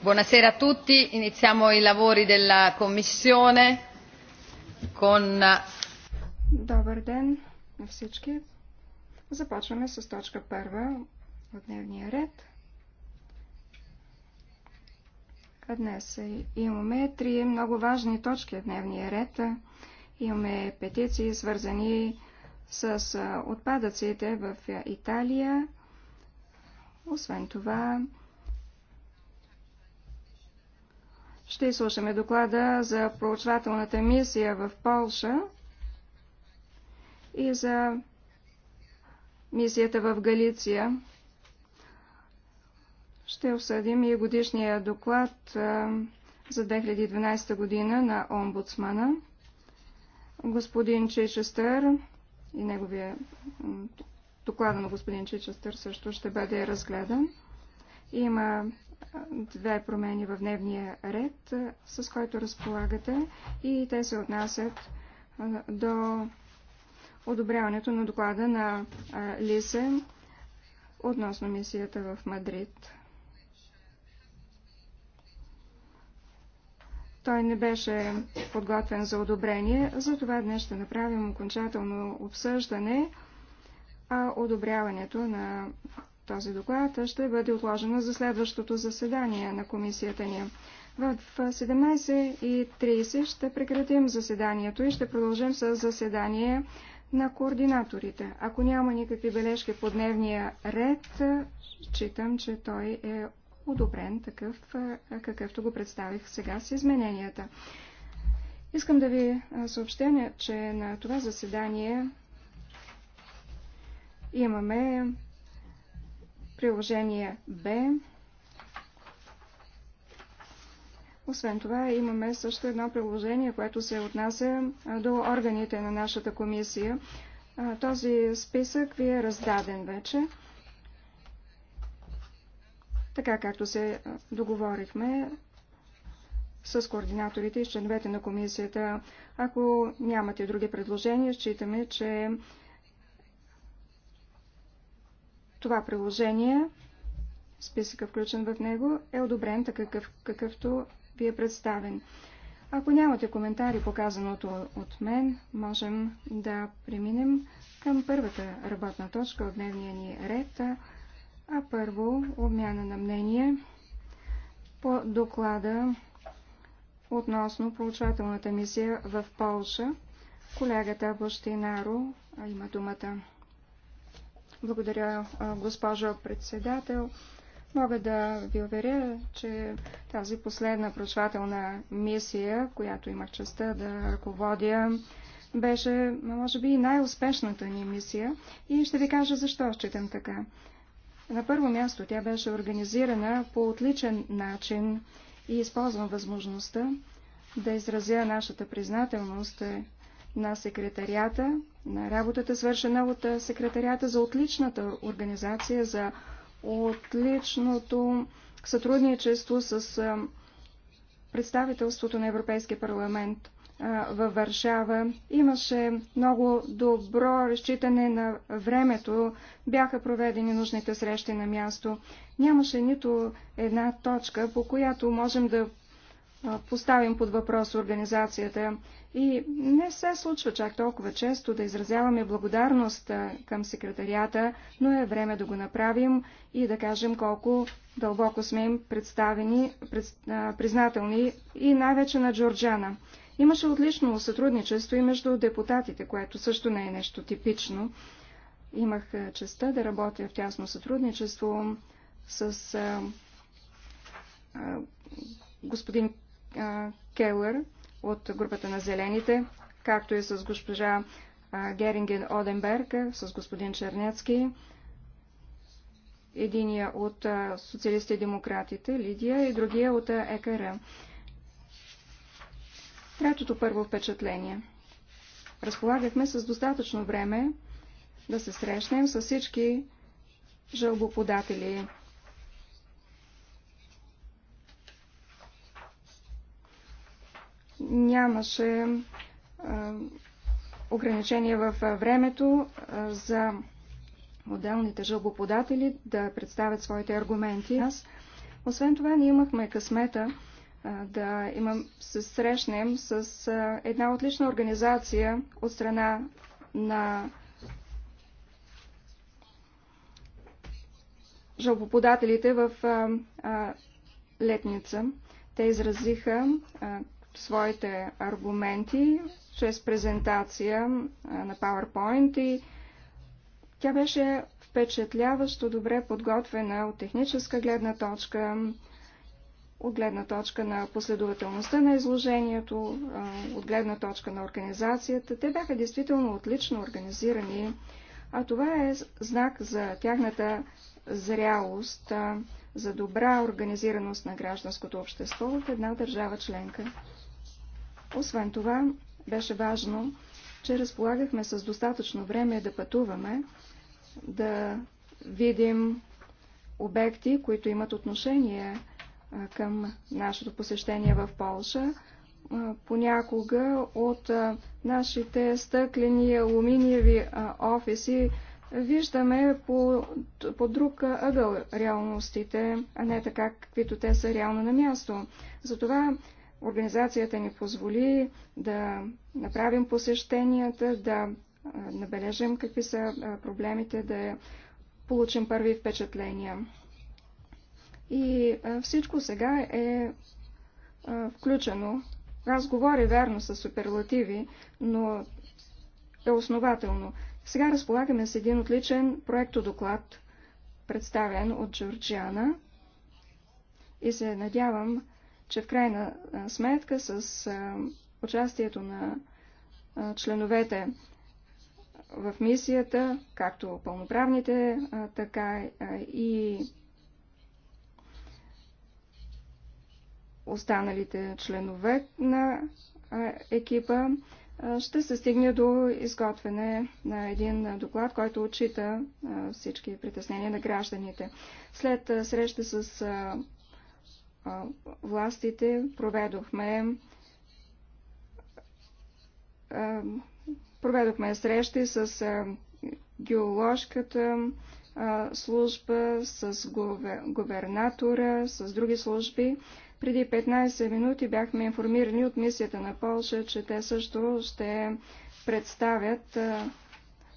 Buonasera a tutti, iniziamo i lavori della Commissione con... Добър ден на всички. Започваме с точка първа от дневния ред. Днес имаме три много важни точки в дневния ред. Имаме петиции, свързани с отпадъците в Италия. Освен това, ще изслушаме доклада за проучвателната мисия в Полша и за мисията в Галиция ще обсъдим и годишния доклад за 2012 година на омбудсмана. Господин Чичестър и неговия доклада на господин Чичестър също ще бъде разгледан. Има две промени в дневния ред, с който разполагате и те се отнасят до одобряването на доклада на Лисе относно мисията в Мадрид. Той не беше подготвен за одобрение, затова днес ще направим окончателно обсъждане, а одобряването на този доклад ще бъде отложено за следващото заседание на комисията ни. В 17.30 ще прекратим заседанието и ще продължим с заседание на координаторите. Ако няма никакви бележки по дневния ред, считам, че той е одобрен такъв, какъвто го представих сега с измененията. Искам да ви съобщя, че на това заседание имаме приложение Б. Освен това, имаме също едно приложение, което се отнася до органите на нашата комисия. Този списък ви е раздаден вече така както се договорихме с координаторите и членовете на комисията. Ако нямате други предложения, считаме, че това приложение, списъка включен в него, е одобрен такъв, какъвто ви е представен. Ако нямате коментари по казаното от мен, можем да преминем към първата работна точка от дневния ни ред – а първо обмяна на мнение по доклада относно проучвателната мисия в Полша. Колегата Бощинаро има думата. Благодаря, госпожо председател. Мога да ви уверя, че тази последна проучвателна мисия, която имах честа да ръководя, беше, може би, най-успешната ни мисия и ще ви кажа защо считам така. На първо място тя беше организирана по отличен начин и използвам възможността да изразя нашата признателност на секретарията, на работата свършена от секретарията за отличната организация, за отличното сътрудничество с представителството на Европейския парламент във Варшава. Имаше много добро разчитане на времето, бяха проведени нужните срещи на място. Нямаше нито една точка, по която можем да поставим под въпрос организацията. И не се случва чак толкова често да изразяваме благодарност към секретарията, но е време да го направим и да кажем колко дълбоко сме им представени, признателни и най-вече на Джорджана. Имаше отлично сътрудничество и между депутатите, което също не е нещо типично. Имах честа да работя в тясно сътрудничество с а, а, господин а, Келър от групата на Зелените, както и с госпожа а, Геринген Оденберг, с господин Чернецки, единия от а, социалисти и демократите, Лидия, и другия от а, ЕКР. Третото първо впечатление. Разполагахме с достатъчно време да се срещнем с всички жалбоподатели. Нямаше а, ограничение в времето за отделните жалбоподатели да представят своите аргументи. Аз, освен това, ние имахме късмета да имам, се срещнем с една отлична организация от страна на жалбоподателите в Летница. Те изразиха своите аргументи чрез презентация на PowerPoint и тя беше впечатляващо добре подготвена от техническа гледна точка, от гледна точка на последователността на изложението, от гледна точка на организацията. Те бяха действително отлично организирани, а това е знак за тяхната зрялост, за добра организираност на гражданското общество в една държава членка. Освен това, беше важно, че разполагахме с достатъчно време да пътуваме, да видим обекти, които имат отношение към нашето посещение в Полша. Понякога от нашите стъклени алуминиеви офиси виждаме по, по друг ъгъл реалностите, а не така, каквито те са реално на място. Затова организацията ни позволи да направим посещенията, да набележим какви са проблемите, да получим първи впечатления. И всичко сега е включено. Аз говоря вярно с суперлативи, но е основателно. Сега разполагаме с един отличен проектодоклад, представен от Джорджиана. И се надявам, че в крайна сметка с участието на членовете в мисията, както пълноправните, така и останалите членове на екипа, ще се стигне до изготвяне на един доклад, който отчита всички притеснения на гражданите. След среща с властите проведохме проведохме срещи с геоложката служба, с губернатора, с други служби, преди 15 минути бяхме информирани от мисията на Полша, че те също ще представят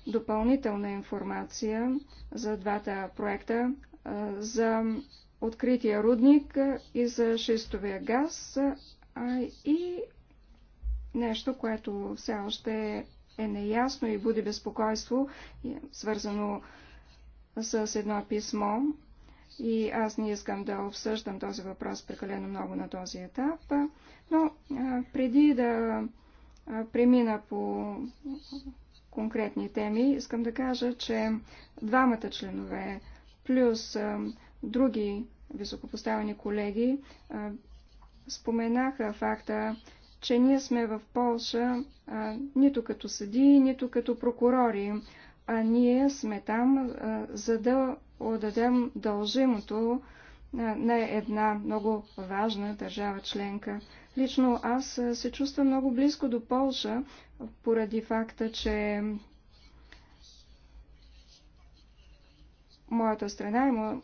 допълнителна информация за двата проекта за открития рудник и за шистовия газ и нещо, което все още е неясно и буди безпокойство, е свързано с едно писмо и аз не искам да обсъждам този въпрос прекалено много на този етап, но преди да премина по конкретни теми, искам да кажа, че двамата членове плюс други високопоставени колеги споменаха факта, че ние сме в Полша нито като съди, нито като прокурори а ние сме там, за да отдадем дължимото на една много важна държава членка. Лично аз се чувствам много близко до Полша, поради факта, че моята страна има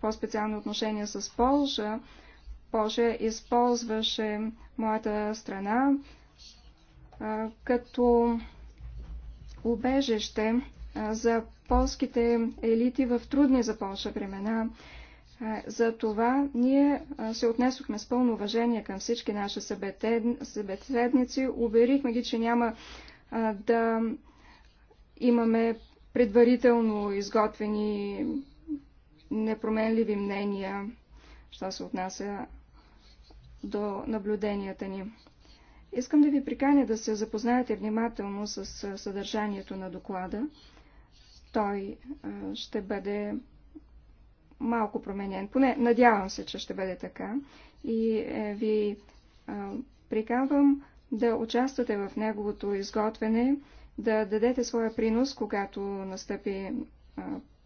по-специално отношение с Полша. Полша използваше моята страна като убежище за полските елити в трудни за Полша времена. За това ние се отнесохме с пълно уважение към всички наши събеседници. Уверихме ги, че няма да имаме предварително изготвени непроменливи мнения, що се отнася до наблюденията ни. Искам да ви приканя да се запознаете внимателно с съдържанието на доклада. Той ще бъде малко променен. Поне надявам се, че ще бъде така. И е, ви приканвам да участвате в неговото изготвяне, да дадете своя принос, когато настъпи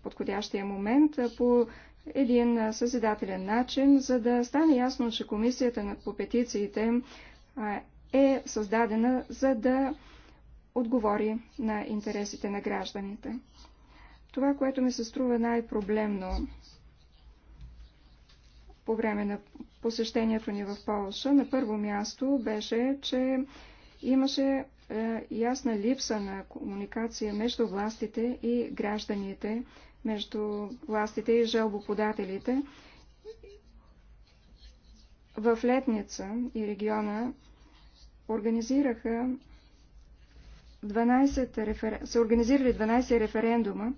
подходящия момент по един съзидателен начин, за да стане ясно, че комисията по петициите е създадена за да отговори на интересите на гражданите. Това, което ми се струва най-проблемно по време на посещението ни в Полша, на първо място беше, че имаше е, ясна липса на комуникация между властите и гражданите, между властите и жалбоподателите. В Летница и региона организираха 12 рефер... са организирали 12 референдума.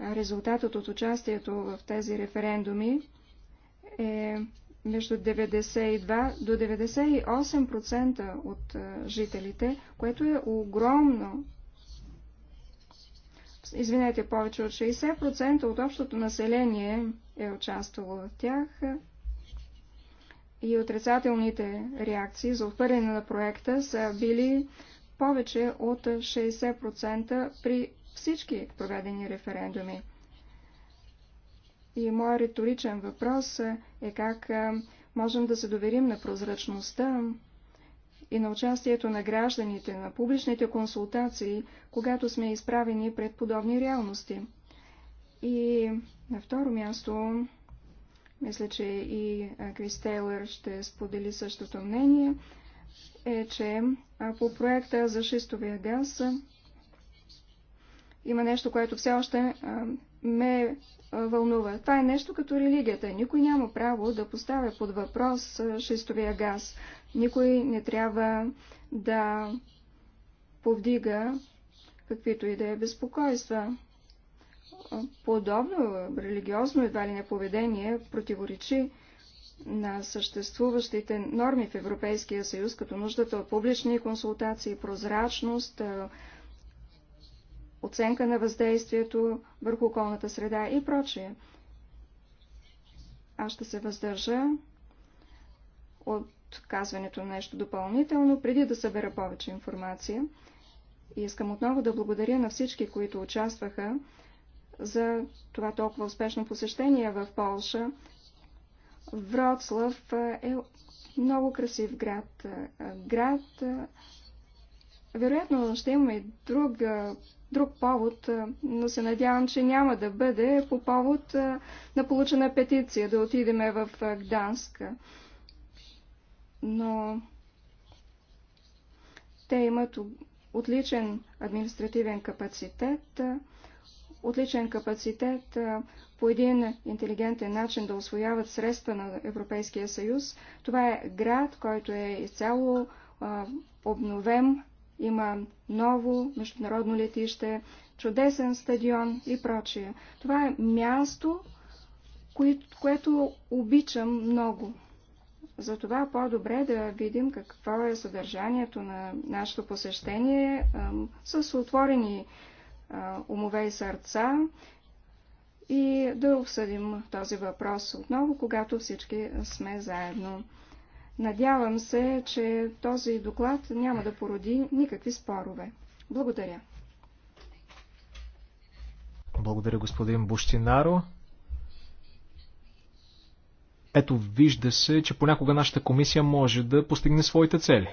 Резултатът от участието в тези референдуми е между 92 до 98% от жителите, което е огромно. Извинете, повече от 60% от общото население е участвало в тях и отрицателните реакции за отхвърляне на проекта са били повече от 60% при всички проведени референдуми. И моят риторичен въпрос е как можем да се доверим на прозрачността и на участието на гражданите на публичните консултации, когато сме изправени пред подобни реалности. И на второ място мисля, че и Крис Тейлър ще сподели същото мнение, е, че по проекта за шистовия газ има нещо, което все още ме вълнува. Това е нещо като религията. Никой няма право да поставя под въпрос шистовия газ. Никой не трябва да повдига каквито и да е безпокойства подобно религиозно едва ли не поведение противоречи на съществуващите норми в Европейския съюз, като нуждата от публични консултации, прозрачност, оценка на въздействието върху околната среда и прочие. Аз ще се въздържа от казването на нещо допълнително, преди да събера повече информация. И искам отново да благодаря на всички, които участваха за това толкова успешно посещение в Полша. Вроцлав е много красив град. Град. Вероятно ще и друг, друг повод, но се надявам, че няма да бъде по повод на получена петиция да отидеме в Гданск. Но те имат отличен административен капацитет отличен капацитет по един интелигентен начин да освояват средства на Европейския съюз. Това е град, който е изцяло обновен, има ново международно летище, чудесен стадион и прочие. Това е място, което обичам много. Затова по-добре да видим какво е съдържанието на нашето посещение с отворени умове и сърца и да обсъдим този въпрос отново, когато всички сме заедно. Надявам се, че този доклад няма да породи никакви спорове. Благодаря. Благодаря, господин Буштинаро. Ето, вижда се, че понякога нашата комисия може да постигне своите цели.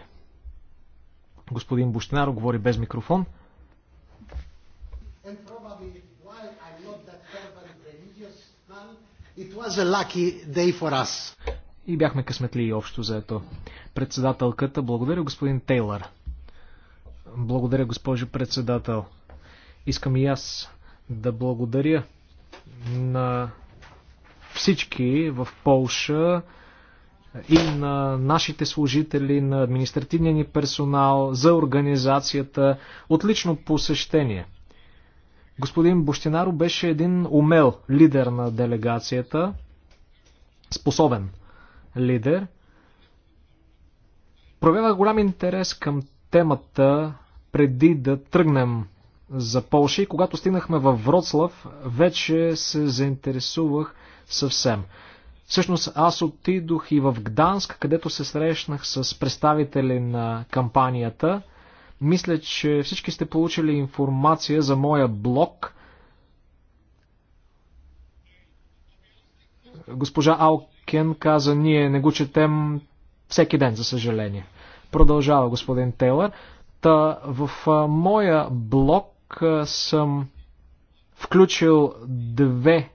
Господин Буштинаро говори без микрофон. It was a lucky day for us. И бяхме късметли общо за ето Председателката, благодаря господин Тейлър. Благодаря госпожо председател. Искам и аз да благодаря на всички в Полша и на нашите служители, на административния ни персонал, за организацията. Отлично посещение. Господин Бощинаро беше един умел лидер на делегацията, способен лидер. Проявява голям интерес към темата преди да тръгнем за Полша и когато стигнахме във Вроцлав, вече се заинтересувах съвсем. Всъщност аз отидох и в Гданск, където се срещнах с представители на кампанията – мисля, че всички сте получили информация за моя блог. Госпожа Алкен каза, ние не го четем всеки ден, за съжаление. Продължава господин Тейлър. Та в моя блог съм включил две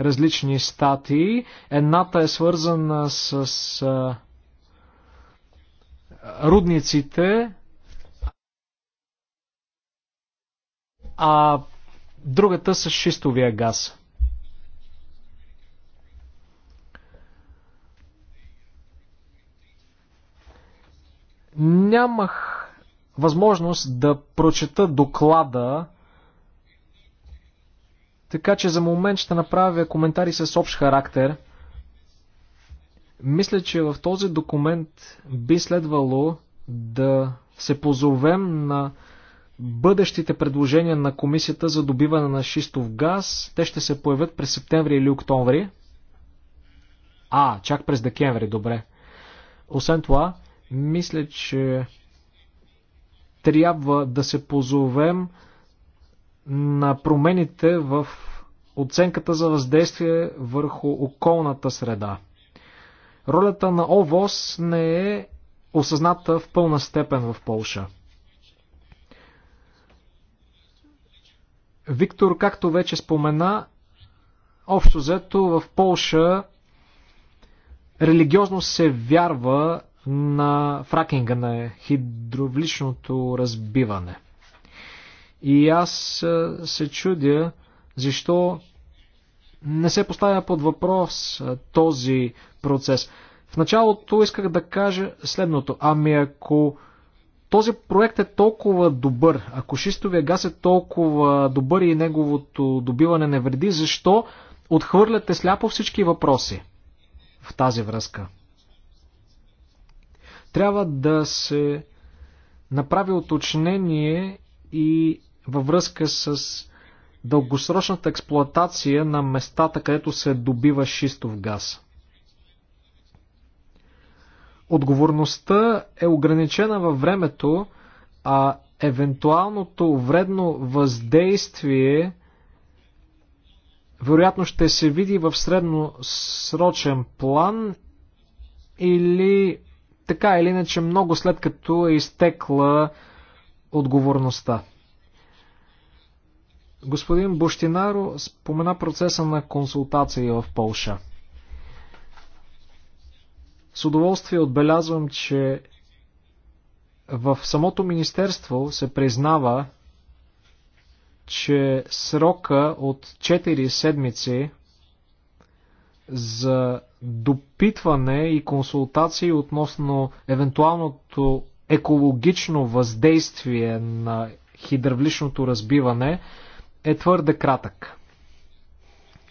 различни статии. Едната е свързана с рудниците, а другата с шистовия газ. Нямах възможност да прочета доклада, така че за момент ще направя коментари с общ характер. Мисля, че в този документ би следвало да се позовем на бъдещите предложения на комисията за добиване на шистов газ, те ще се появят през септември или октомври. А, чак през декември, добре. Освен това, мисля, че трябва да се позовем на промените в оценката за въздействие върху околната среда. Ролята на ОВОС не е осъзната в пълна степен в Полша. Виктор, както вече спомена, общо взето в Полша религиозно се вярва на фракинга, на хидровличното разбиване. И аз се чудя защо не се поставя под въпрос този процес. В началото исках да кажа следното. Ами ако този проект е толкова добър, ако шистовия газ е толкова добър и неговото добиване не вреди, защо отхвърляте сляпо всички въпроси в тази връзка? Трябва да се направи уточнение и във връзка с дългосрочната експлоатация на местата, където се добива шистов газ отговорността е ограничена във времето, а евентуалното вредно въздействие вероятно ще се види в средносрочен план или така или иначе много след като е изтекла отговорността. Господин Буштинаро спомена процеса на консултации в Полша – с удоволствие отбелязвам, че в самото министерство се признава, че срока от 4 седмици за допитване и консултации относно евентуалното екологично въздействие на хидравличното разбиване е твърде кратък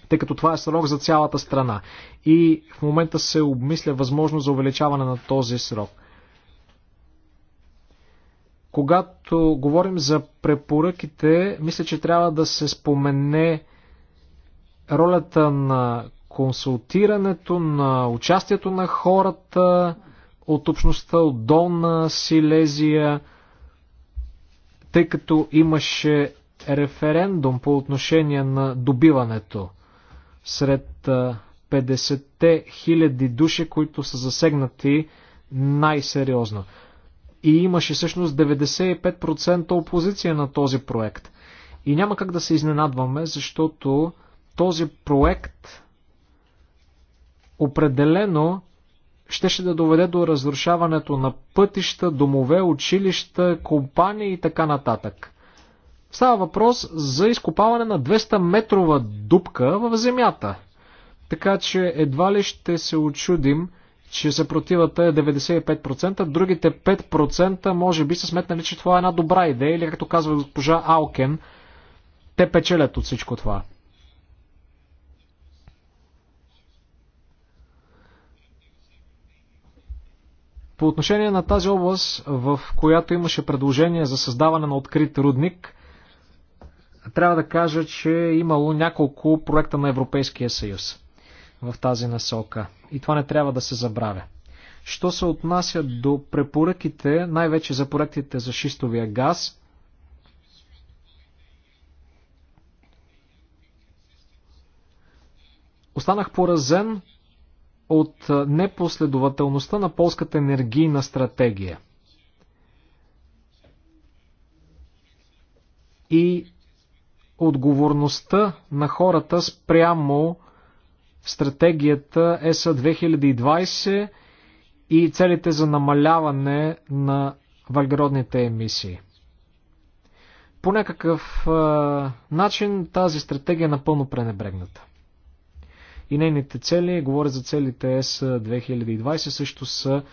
тъй като това е срок за цялата страна. И в момента се обмисля възможност за увеличаване на този срок. Когато говорим за препоръките, мисля, че трябва да се спомене ролята на консултирането, на участието на хората от общността, от долна Силезия, тъй като имаше референдум по отношение на добиването сред 50-те хиляди души, които са засегнати най-сериозно. И имаше всъщност 95% опозиция на този проект. И няма как да се изненадваме, защото този проект определено щеше да доведе до разрушаването на пътища, домове, училища, компании и така нататък. Става въпрос за изкопаване на 200 метрова дупка в земята. Така че едва ли ще се очудим, че съпротивата е 95%, другите 5% може би са сметнали, че това е една добра идея или както казва госпожа Алкен, те печелят от всичко това. По отношение на тази област, в която имаше предложение за създаване на открит рудник, трябва да кажа, че е имало няколко проекта на Европейския съюз в тази насока. И това не трябва да се забравя. Що се отнася до препоръките, най-вече за проектите за шистовия газ, останах поразен от непоследователността на полската енергийна стратегия. И отговорността на хората спрямо стратегията ЕСА 2020 и целите за намаляване на въглеродните емисии. По някакъв е, начин тази стратегия е напълно пренебрегната. И нейните цели, говоря за целите ЕС 2020, също са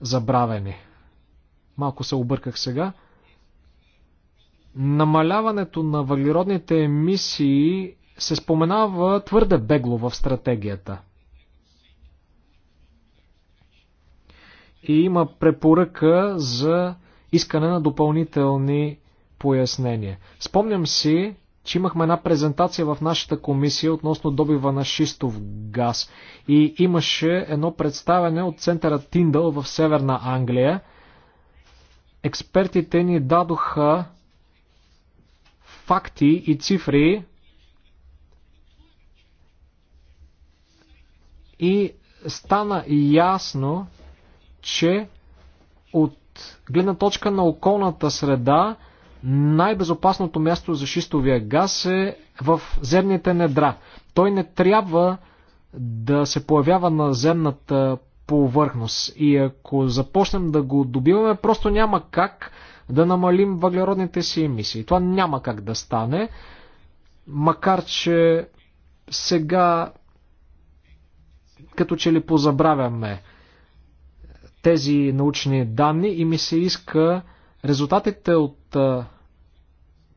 забравени. Малко се обърках сега. Намаляването на въглеродните емисии се споменава твърде бегло в стратегията. И има препоръка за искане на допълнителни пояснения. Спомням си, че имахме една презентация в нашата комисия относно добива на шистов газ и имаше едно представяне от центъра Тиндъл в Северна Англия. Експертите ни дадоха факти и цифри и стана ясно, че от гледна точка на околната среда най-безопасното място за шистовия газ е в земните недра. Той не трябва да се появява на земната повърхност. И ако започнем да го добиваме, просто няма как да намалим въглеродните си емисии. Това няма как да стане, макар че сега като че ли позабравяме тези научни данни и ми се иска резултатите от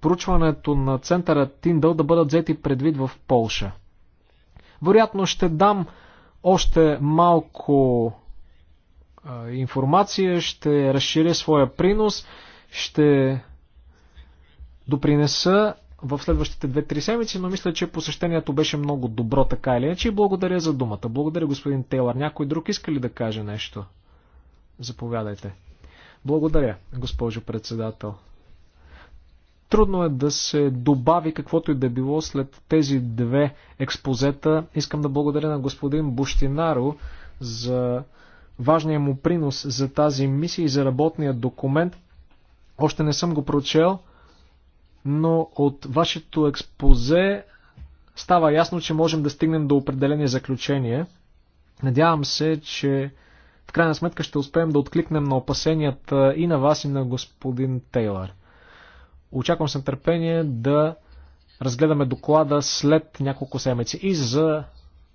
проучването на центъра Тиндъл да бъдат взети предвид в Полша. Вероятно ще дам още малко информация, ще разширя своя принос. Ще допринеса в следващите 2-3 седмици, но мисля, че посещението беше много добро, така или иначе. Благодаря за думата. Благодаря, господин Тейлър. Някой друг иска ли да каже нещо? Заповядайте. Благодаря, госпожо председател. Трудно е да се добави каквото и да било след тези две експозета. Искам да благодаря на господин Буштинаро за важния му принос за тази мисия и за работния документ. Още не съм го прочел, но от вашето експозе става ясно, че можем да стигнем до определени заключения. Надявам се, че в крайна сметка ще успеем да откликнем на опасенията и на вас, и на господин Тейлър. Очаквам с нетърпение да разгледаме доклада след няколко седмици. И за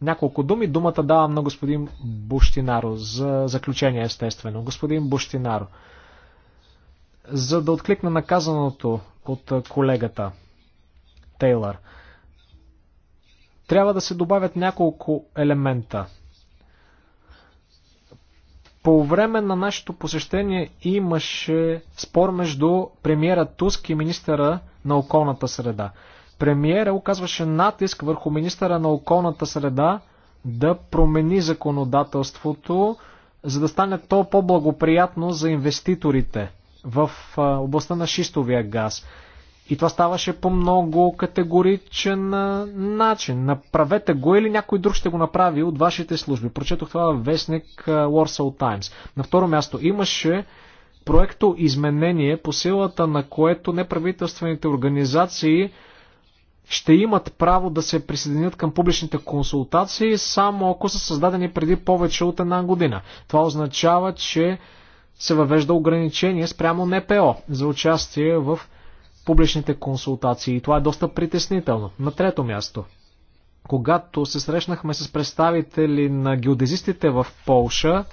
няколко думи думата давам на господин Буштинаро за заключение, естествено. Господин Буштинаро, за да откликна наказаното от колегата Тейлър. Трябва да се добавят няколко елемента. По време на нашето посещение имаше спор между премиера Туск и министъра на околната среда. Премиера оказваше натиск върху министъра на околната среда да промени законодателството, за да стане то по-благоприятно за инвеститорите – в областта на шистовия газ. И това ставаше по много категоричен начин. Направете го или някой друг ще го направи от вашите служби. Прочетох това в вестник Warsaw Times. На второ място имаше проекто изменение, по силата на което неправителствените организации ще имат право да се присъединят към публичните консултации само ако са създадени преди повече от една година. Това означава, че се въвежда ограничение спрямо НПО за участие в публичните консултации и това е доста притеснително. На трето място, когато се срещнахме с представители на геодезистите в Полша,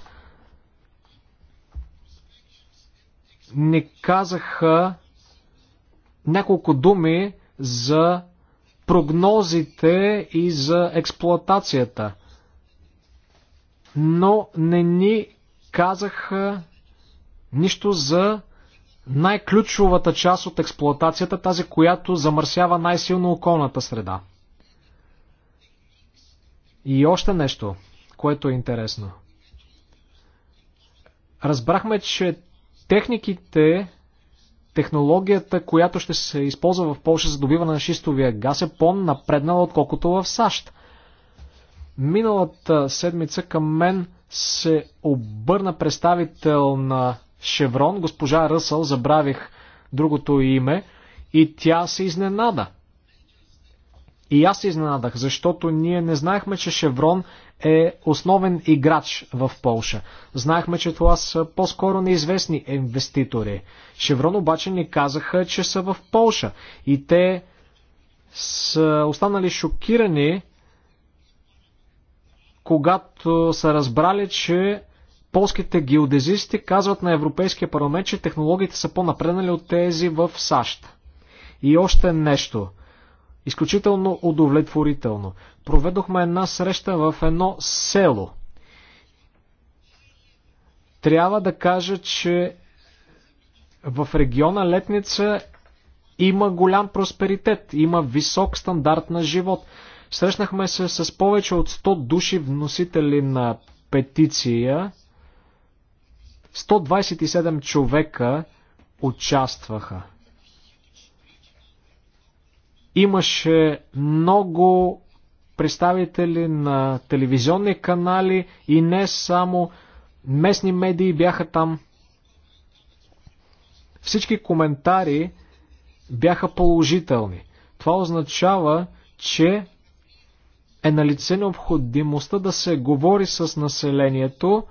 ни казаха няколко думи за прогнозите и за експлоатацията. Но не ни казаха нищо за най-ключовата част от експлоатацията, тази, която замърсява най-силно околната среда. И още нещо, което е интересно. Разбрахме, че техниките, технологията, която ще се използва в Польша за добиване на шистовия газ е по-напреднала, отколкото в САЩ. Миналата седмица към мен се обърна представител на Шеврон, госпожа Ръсъл, забравих другото име, и тя се изненада. И аз се изненадах, защото ние не знаехме, че Шеврон е основен играч в Полша. Знаехме, че това са по-скоро неизвестни инвеститори. Шеврон обаче ни казаха, че са в Полша. И те са останали шокирани, когато са разбрали, че Полските геодезисти казват на Европейския парламент, че технологиите са по-напреднали от тези в САЩ. И още нещо. Изключително удовлетворително. Проведохме една среща в едно село. Трябва да кажа, че в региона Летница има голям просперитет, има висок стандарт на живот. Срещнахме се с повече от 100 души вносители на петиция 127 човека участваха. Имаше много представители на телевизионни канали и не само местни медии бяха там. Всички коментари бяха положителни. Това означава, че е налице необходимостта да се говори с населението,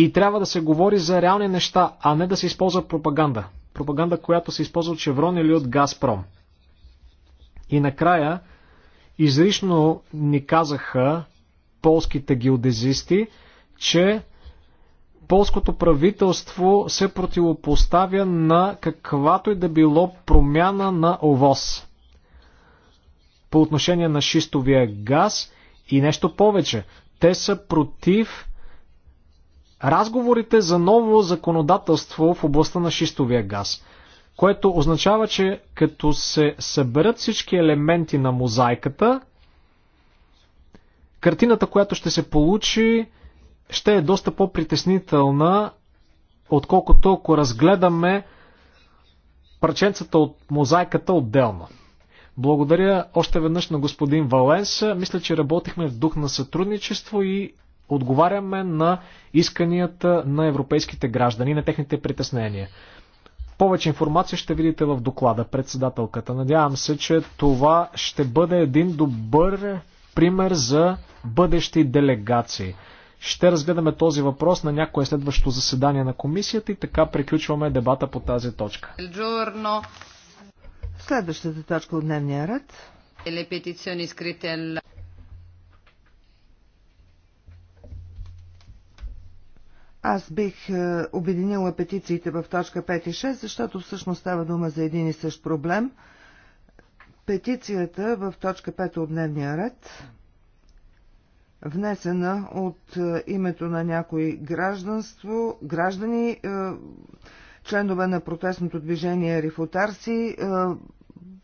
И трябва да се говори за реални неща, а не да се използва пропаганда. Пропаганда, която се използва от Шеврон или от Газпром. И накрая, изрично ни казаха полските геодезисти, че полското правителство се противопоставя на каквато и да било промяна на ОВОС по отношение на шистовия газ и нещо повече. Те са против разговорите за ново законодателство в областта на шистовия газ, което означава, че като се съберат всички елементи на мозайката, картината, която ще се получи, ще е доста по-притеснителна, отколкото ако разгледаме парченцата от мозайката отделно. Благодаря още веднъж на господин Валенса. Мисля, че работихме в дух на сътрудничество и отговаряме на исканията на европейските граждани, на техните притеснения. Повече информация ще видите в доклада председателката. Надявам се, че това ще бъде един добър пример за бъдещи делегации. Ще разгледаме този въпрос на някое следващо заседание на комисията и така приключваме дебата по тази точка. Следващата точка от дневния ред. Аз бих е, обединила петициите в точка 5 и 6, защото всъщност става дума за един и същ проблем. Петицията в точка 5 от дневния ред, внесена от е, името на някои гражданство, граждани, е, членове на протестното движение Рифотарси,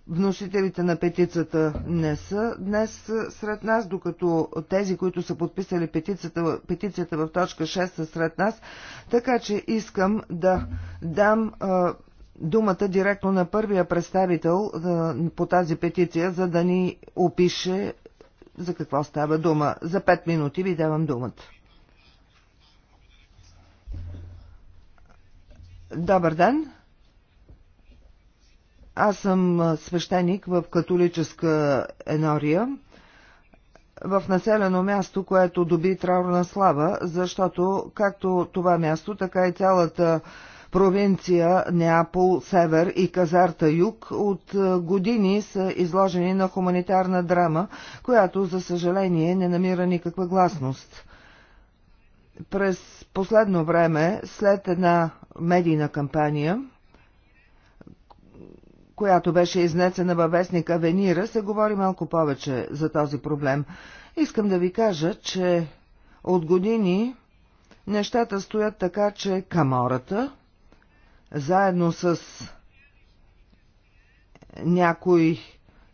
Вносителите на петицата не са днес сред нас, докато тези, които са подписали петицията, петицията в точка 6 са сред нас, така че искам да дам а, думата директно на първия представител а, по тази петиция, за да ни опише за какво става дума. За 5 минути ви давам думата. Добър ден! Аз съм свещеник в католическа енория, в населено място, което доби траурна слава, защото както това място, така и цялата провинция Неапол, Север и Казарта Юг от години са изложени на хуманитарна драма, която, за съжаление, не намира никаква гласност. През последно време, след една медийна кампания, която беше изнесена във вестника Венира, се говори малко повече за този проблем. Искам да ви кажа, че от години нещата стоят така, че камората, заедно с някои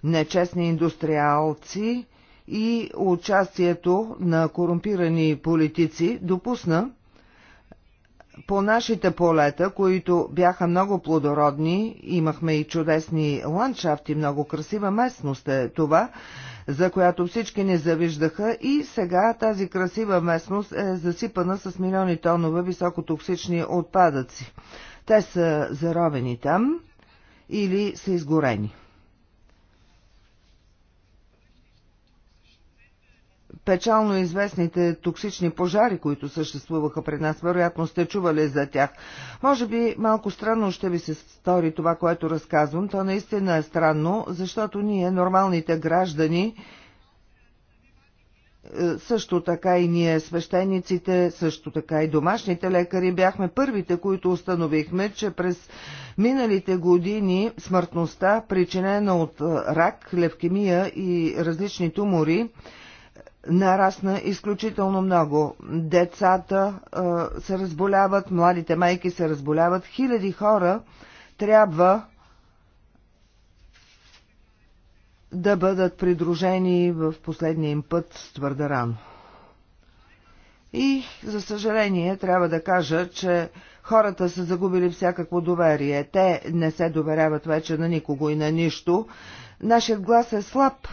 нечестни индустриалци и участието на корумпирани политици допусна по нашите полета, които бяха много плодородни, имахме и чудесни ландшафти, много красива местност е това, за която всички не завиждаха и сега тази красива местност е засипана с милиони тонове високотоксични отпадъци. Те са заровени там или са изгорени. печално известните токсични пожари, които съществуваха при нас. Вероятно сте чували за тях. Може би малко странно ще ви се стори това, което разказвам. То наистина е странно, защото ние, нормалните граждани, е, също така и ние свещениците, също така и домашните лекари бяхме първите, които установихме, че през миналите години смъртността, причинена от е, рак, левкемия и различни тумори, нарасна изключително много. Децата е, се разболяват, младите майки се разболяват, хиляди хора трябва да бъдат придружени в последния им път с твърда рано. И, за съжаление, трябва да кажа, че хората са загубили всякакво доверие. Те не се доверяват вече на никого и на нищо. Нашият глас е слаб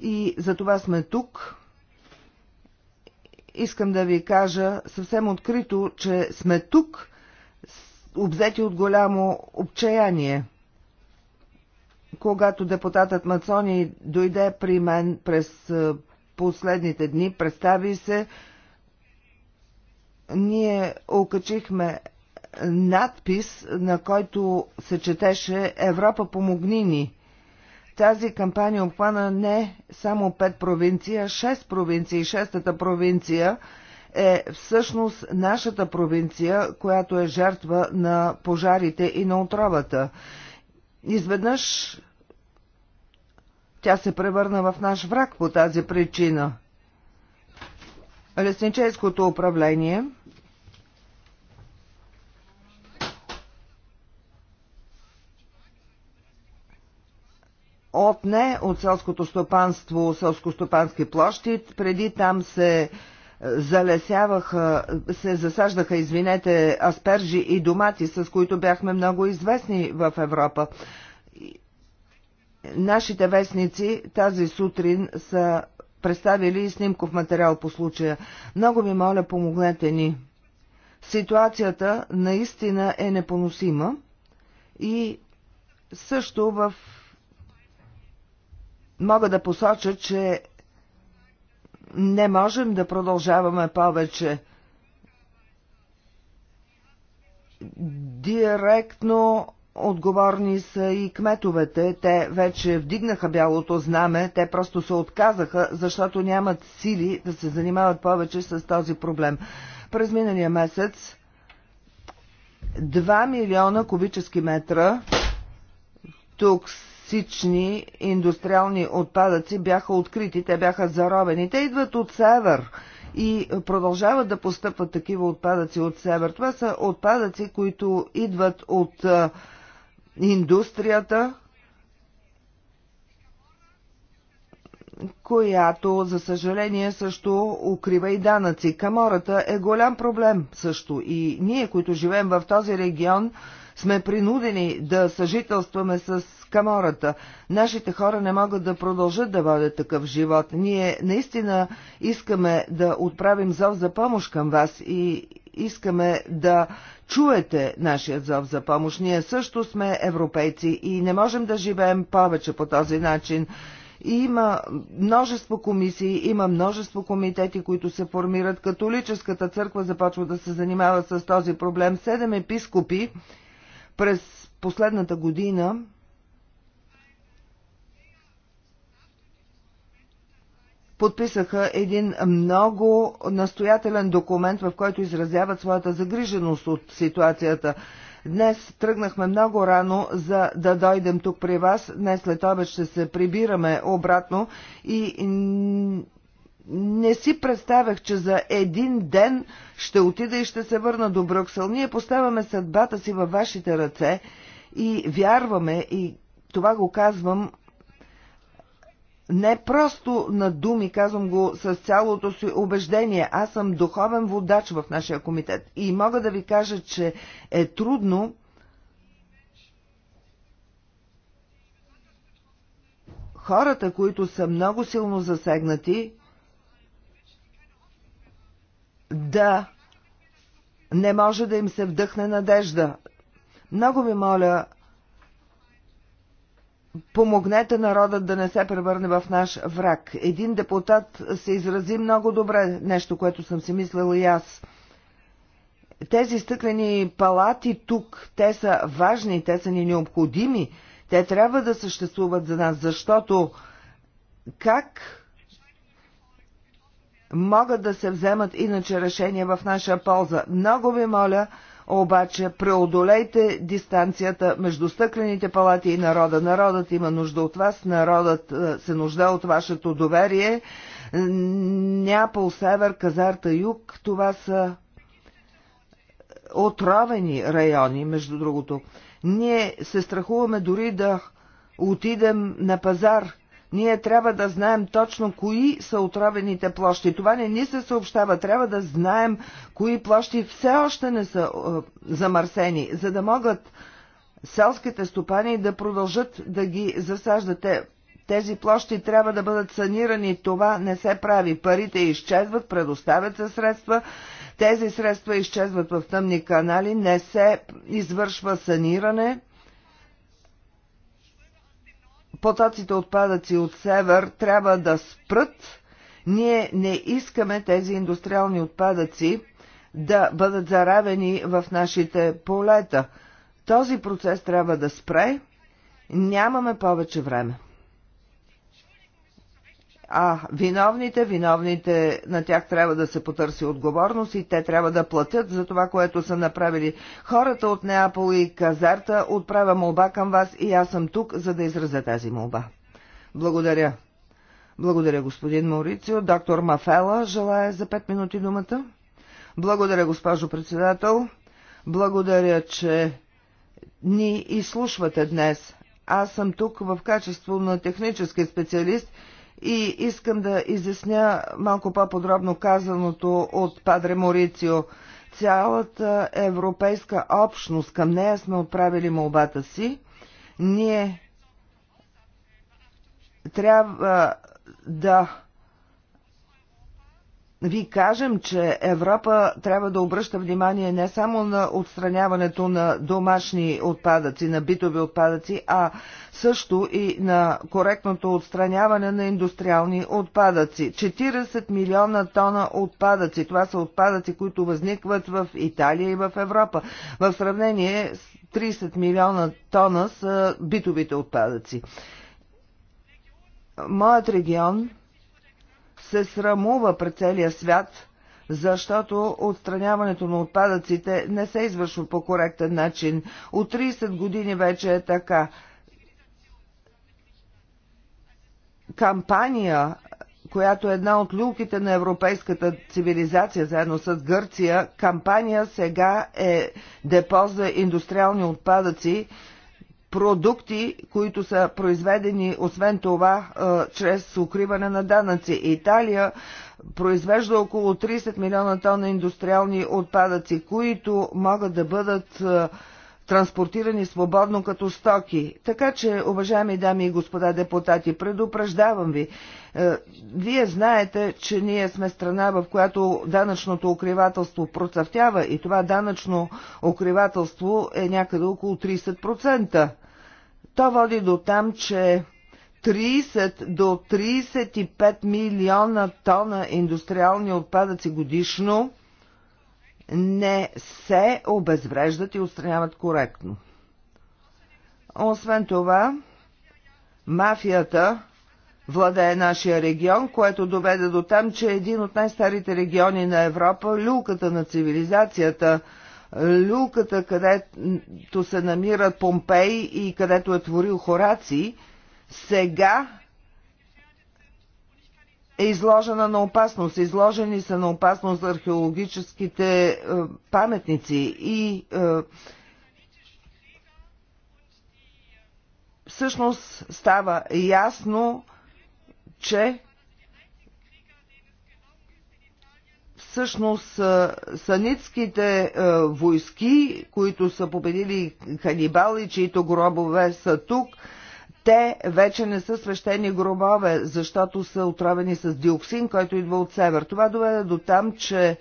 и затова сме тук, искам да ви кажа съвсем открито, че сме тук, обзети от голямо обчаяние. Когато депутатът Мацони дойде при мен през последните дни, представи се, ние окачихме надпис, на който се четеше Европа помогни ни. Тази кампания обхвана не само пет провинции, а шест провинции. Шестата провинция е всъщност нашата провинция, която е жертва на пожарите и на отровата. Изведнъж тя се превърна в наш враг по тази причина. Лесничейското управление отне от селското стопанство селскостопански площи. Преди там се е, залесяваха, се засаждаха, извинете, аспержи и домати, с които бяхме много известни в Европа. Нашите вестници тази сутрин са представили и снимков материал по случая. Много ви моля, помогнете ни. Ситуацията наистина е непоносима и също в мога да посоча, че не можем да продължаваме повече директно отговорни са и кметовете. Те вече вдигнаха бялото знаме, те просто се отказаха, защото нямат сили да се занимават повече с този проблем. През миналия месец 2 милиона кубически метра тук токсични индустриални отпадъци бяха открити, те бяха заровени. Те идват от север и продължават да постъпват такива отпадъци от север. Това са отпадъци, които идват от индустрията, която, за съжаление, също укрива и данъци. Камората е голям проблем също и ние, които живеем в този регион, сме принудени да съжителстваме с камората. Нашите хора не могат да продължат да водят такъв живот. Ние наистина искаме да отправим зов за помощ към вас и искаме да чуете нашия зов за помощ. Ние също сме европейци и не можем да живеем повече по този начин. И има множество комисии, има множество комитети, които се формират. Католическата църква започва да се занимава с този проблем. Седем епископи през последната година подписаха един много настоятелен документ, в който изразяват своята загриженост от ситуацията. Днес тръгнахме много рано, за да дойдем тук при вас. Днес след обед ще се прибираме обратно и не си представях, че за един ден ще отида и ще се върна до Брюксел. Ние поставяме съдбата си във вашите ръце и вярваме, и това го казвам не просто на думи, казвам го с цялото си убеждение. Аз съм духовен водач в нашия комитет и мога да ви кажа, че е трудно хората, които са много силно засегнати, да не може да им се вдъхне надежда. Много ви моля, помогнете народът да не се превърне в наш враг. Един депутат се изрази много добре, нещо, което съм си мислила и аз. Тези стъклени палати тук, те са важни, те са ни необходими, те трябва да съществуват за нас, защото как могат да се вземат иначе решения в наша полза. Много ви моля, обаче преодолейте дистанцията между стъклените палати и народа. Народът има нужда от вас, народът е, се нужда от вашето доверие. Няпол, Север, Казарта, Юг, това са отровени райони, между другото. Ние се страхуваме дори да отидем на пазар – ние трябва да знаем точно кои са отровените площи. Това не ни се съобщава. Трябва да знаем кои площи все още не са е, замърсени, за да могат селските стопани да продължат да ги засаждат. Тези площи трябва да бъдат санирани. Това не се прави. Парите изчезват, предоставят се средства. Тези средства изчезват в тъмни канали, не се извършва саниране потоците отпадъци от север трябва да спрат. Ние не искаме тези индустриални отпадъци да бъдат заравени в нашите полета. Този процес трябва да спре. Нямаме повече време а виновните, виновните на тях трябва да се потърси отговорност и те трябва да платят за това, което са направили. Хората от Неапол и Казарта отправя молба към вас и аз съм тук, за да изразя тази молба. Благодаря. Благодаря, господин Маурицио. Доктор Мафела желая за 5 минути думата. Благодаря, госпожо председател. Благодаря, че ни изслушвате днес. Аз съм тук в качество на технически специалист и искам да изясня малко по-подробно казаното от Падре Морицио. Цялата европейска общност, към нея сме отправили молбата си. Ние трябва да ви кажем, че Европа трябва да обръща внимание не само на отстраняването на домашни отпадъци, на битови отпадъци, а също и на коректното отстраняване на индустриални отпадъци. 40 милиона тона отпадъци. Това са отпадъци, които възникват в Италия и в Европа. В сравнение с 30 милиона тона са битовите отпадъци. Моят регион се срамува пред целия свят, защото отстраняването на отпадъците не се извършва по коректен начин. От 30 години вече е така. Кампания, която е една от люлките на европейската цивилизация, заедно с Гърция, кампания сега е депо за индустриални отпадъци, продукти, които са произведени, освен това, чрез укриване на данъци. Италия произвежда около 30 милиона тона индустриални отпадъци, които могат да бъдат транспортирани свободно като стоки. Така че, уважаеми дами и господа депутати, предупреждавам ви, вие знаете, че ние сме страна, в която данъчното укривателство процъфтява и това данъчно укривателство е някъде около 30%. То води до там, че 30 до 35 милиона тона индустриални отпадъци годишно не се обезвреждат и устраняват коректно. Освен това, мафията владее нашия регион, което доведе до там, че е един от най-старите региони на Европа, люлката на цивилизацията – люката, където се намират Помпей и където е творил Хораци, сега е изложена на опасност. Изложени са на опасност археологическите е, паметници и е, всъщност става ясно, че всъщност санитските войски, които са победили ханибали, чието гробове са тук, те вече не са свещени гробове, защото са отравени с диоксин, който идва от север. Това доведе до там, че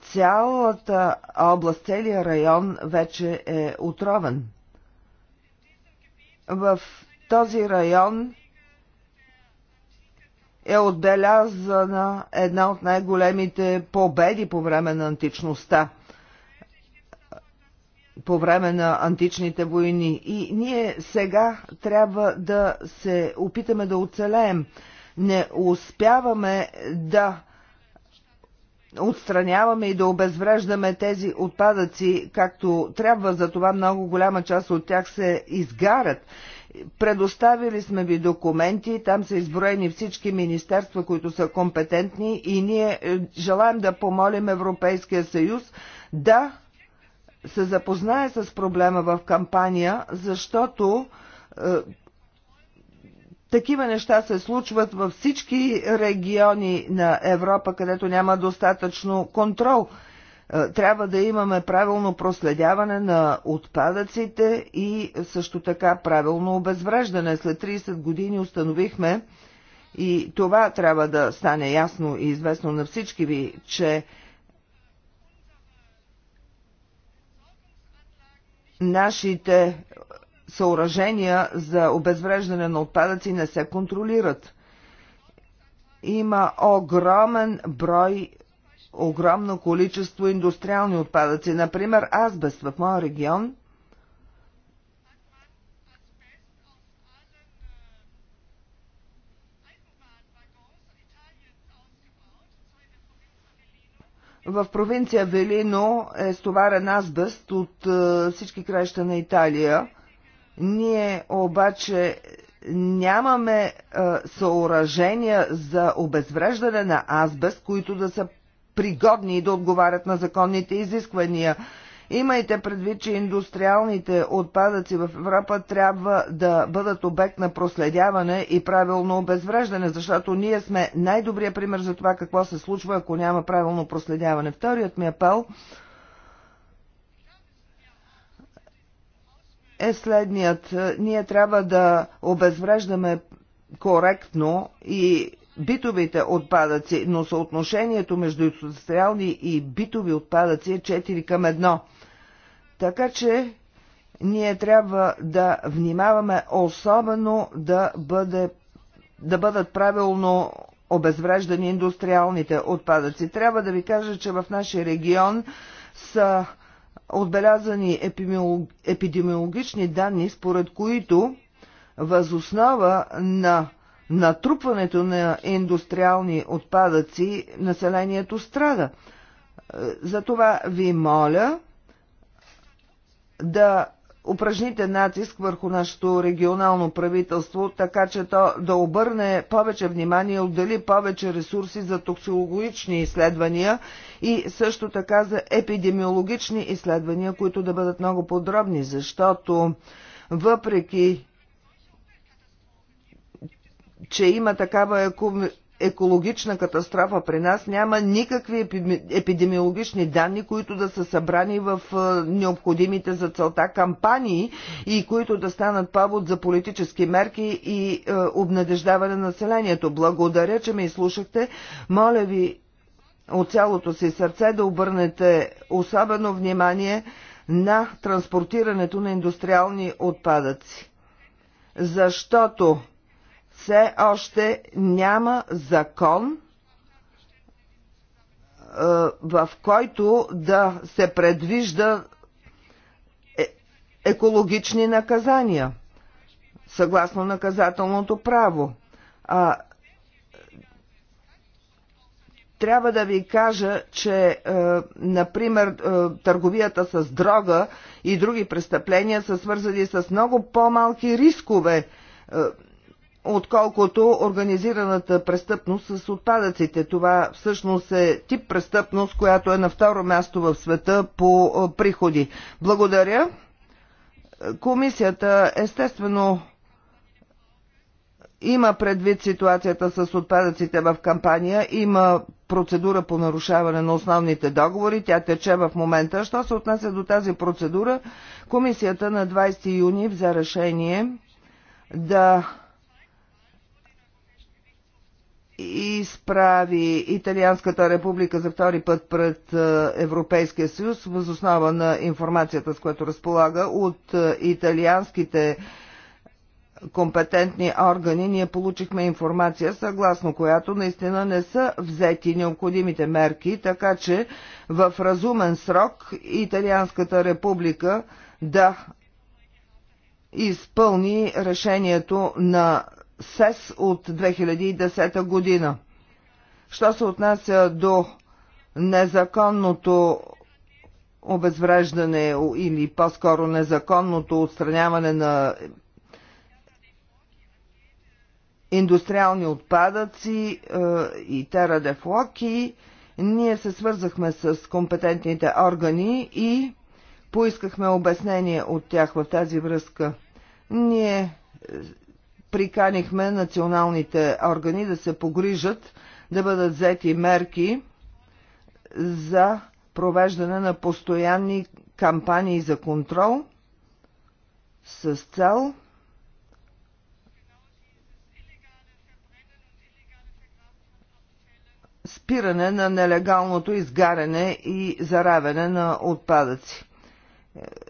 цялата област, целият район вече е отровен. В този район е отбелязана една от най-големите победи по време на античността, по време на античните войни. И ние сега трябва да се опитаме да оцелеем. Не успяваме да отстраняваме и да обезвреждаме тези отпадъци, както трябва, за това много голяма част от тях се изгарят. Предоставили сме ви документи, там са изброени всички министерства, които са компетентни и ние е, желаем да помолим Европейския съюз да се запознае с проблема в кампания, защото е, такива неща се случват във всички региони на Европа, където няма достатъчно контрол – е, трябва да имаме правилно проследяване на отпадъците и също така правилно обезвреждане. След 30 години установихме, и това трябва да стане ясно и известно на всички ви, че нашите съоръжения за обезвреждане на отпадъци не се контролират. Има огромен брой огромно количество индустриални отпадъци, например азбест в моя регион. В провинция Велино е стоварен азбест от е, всички краища на Италия. Ние обаче нямаме е, съоръжения за обезвреждане на азбест, които да са пригодни и да отговарят на законните изисквания. Имайте предвид, че индустриалните отпадъци в Европа трябва да бъдат обект на проследяване и правилно обезвреждане, защото ние сме най-добрия пример за това какво се случва, ако няма правилно проследяване. Вторият ми апел е следният. Ние трябва да обезвреждаме коректно и битовите отпадъци, но съотношението между индустриални и битови отпадъци е 4 към 1. Така че ние трябва да внимаваме особено да, бъде, да бъдат правилно обезвреждани индустриалните отпадъци. Трябва да ви кажа, че в нашия регион са отбелязани епидемиологични данни, според които възоснова на натрупването на индустриални отпадъци населението страда. Затова ви моля да упражните натиск върху нашето регионално правителство, така че то да обърне повече внимание, отдели повече ресурси за токсикологични изследвания и също така за епидемиологични изследвания, които да бъдат много подробни, защото въпреки че има такава екологична катастрофа при нас, няма никакви епидемиологични данни, които да са събрани в необходимите за целта кампании и които да станат повод за политически мерки и обнадеждаване на населението. Благодаря, че ме изслушахте. Моля ви от цялото си сърце да обърнете особено внимание на транспортирането на индустриални отпадъци. Защото все още няма закон, е, в който да се предвижда е, екологични наказания, съгласно наказателното право. А, трябва да ви кажа, че, е, например, е, търговията с дрога и други престъпления са свързани с много по-малки рискове. Е, отколкото организираната престъпност с отпадъците. Това всъщност е тип престъпност, която е на второ място в света по е, приходи. Благодаря. Комисията естествено има предвид ситуацията с отпадъците в кампания, има процедура по нарушаване на основните договори, тя тече в момента. Що се отнася до тази процедура, комисията на 20 юни взе решение да изправи Италианската република за втори път пред е, Европейския съюз, възоснова на информацията, с която разполага от е, италианските компетентни органи, ние получихме информация, съгласно която наистина не са взети необходимите мерки, така че в разумен срок Италианската република да изпълни решението на СЕС от 2010 година. Що се отнася до незаконното обезвреждане или по-скоро незаконното отстраняване на индустриални отпадъци е, и терадефлоки, ние се свързахме с компетентните органи и поискахме обяснение от тях в тази връзка. Ние е, приканихме националните органи да се погрижат да бъдат взети мерки за провеждане на постоянни кампании за контрол с цел спиране на нелегалното изгаряне и заравяне на отпадъци.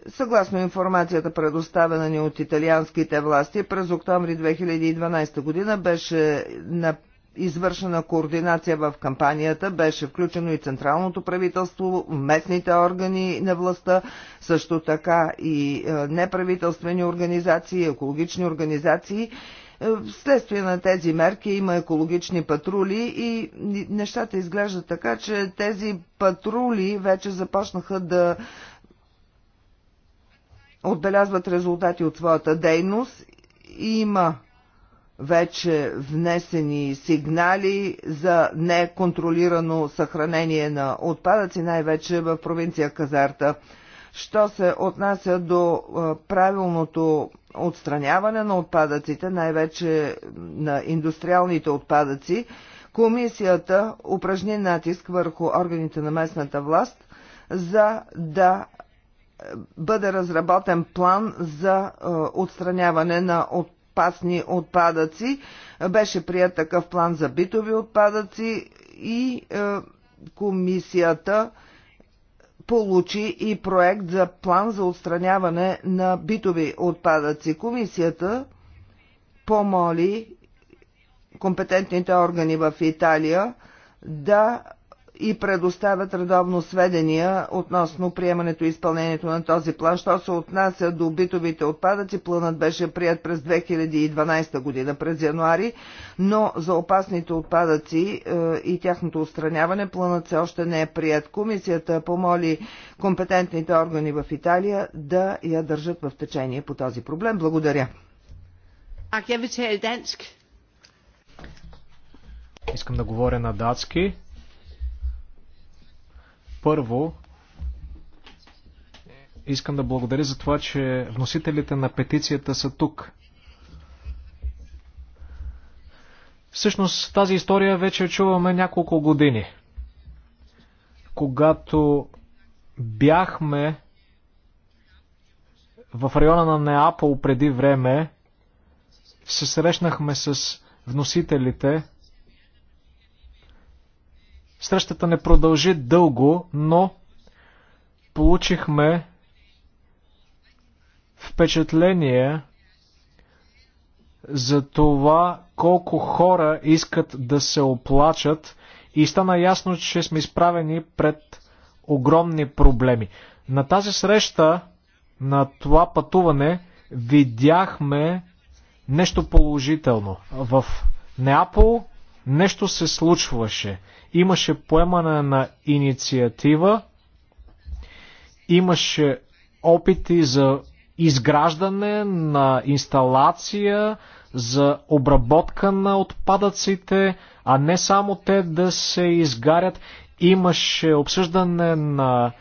Съгласно информацията, предоставена ни от италианските власти, през октомври 2012 година беше на извършена координация в кампанията, беше включено и Централното правителство, местните органи на властта, също така и е, неправителствени организации, екологични организации. Е, вследствие на тези мерки има екологични патрули и нещата изглеждат така, че тези патрули вече започнаха да отбелязват резултати от своята дейност. Има вече внесени сигнали за неконтролирано съхранение на отпадъци, най-вече в провинция Казарта. Що се отнася до е, правилното отстраняване на отпадъците, най-вече на индустриалните отпадъци, комисията упражни натиск върху органите на местната власт, за да бъде разработен план за е, отстраняване на опасни отпадъци. Беше прият такъв план за битови отпадъци и е, комисията получи и проект за план за отстраняване на битови отпадъци. Комисията помоли компетентните органи в Италия да и предоставят редовно сведения относно приемането и изпълнението на този план. Що се отнася до битовите отпадъци, планът беше прият през 2012 година, през януари, но за опасните отпадъци е, и тяхното устраняване планът все още не е прият. Комисията помоли компетентните органи в Италия да я държат в течение по този проблем. Благодаря. Искам да говоря на датски. Първо, искам да благодаря за това, че вносителите на петицията са тук. Всъщност тази история вече чуваме няколко години. Когато бяхме в района на Неапол преди време, се срещнахме с вносителите Срещата не продължи дълго, но получихме впечатление за това колко хора искат да се оплачат и стана ясно, че сме изправени пред огромни проблеми. На тази среща, на това пътуване, видяхме нещо положително. В Неапол Нещо се случваше. Имаше поемане на инициатива, имаше опити за изграждане на инсталация за обработка на отпадъците, а не само те да се изгарят. Имаше обсъждане на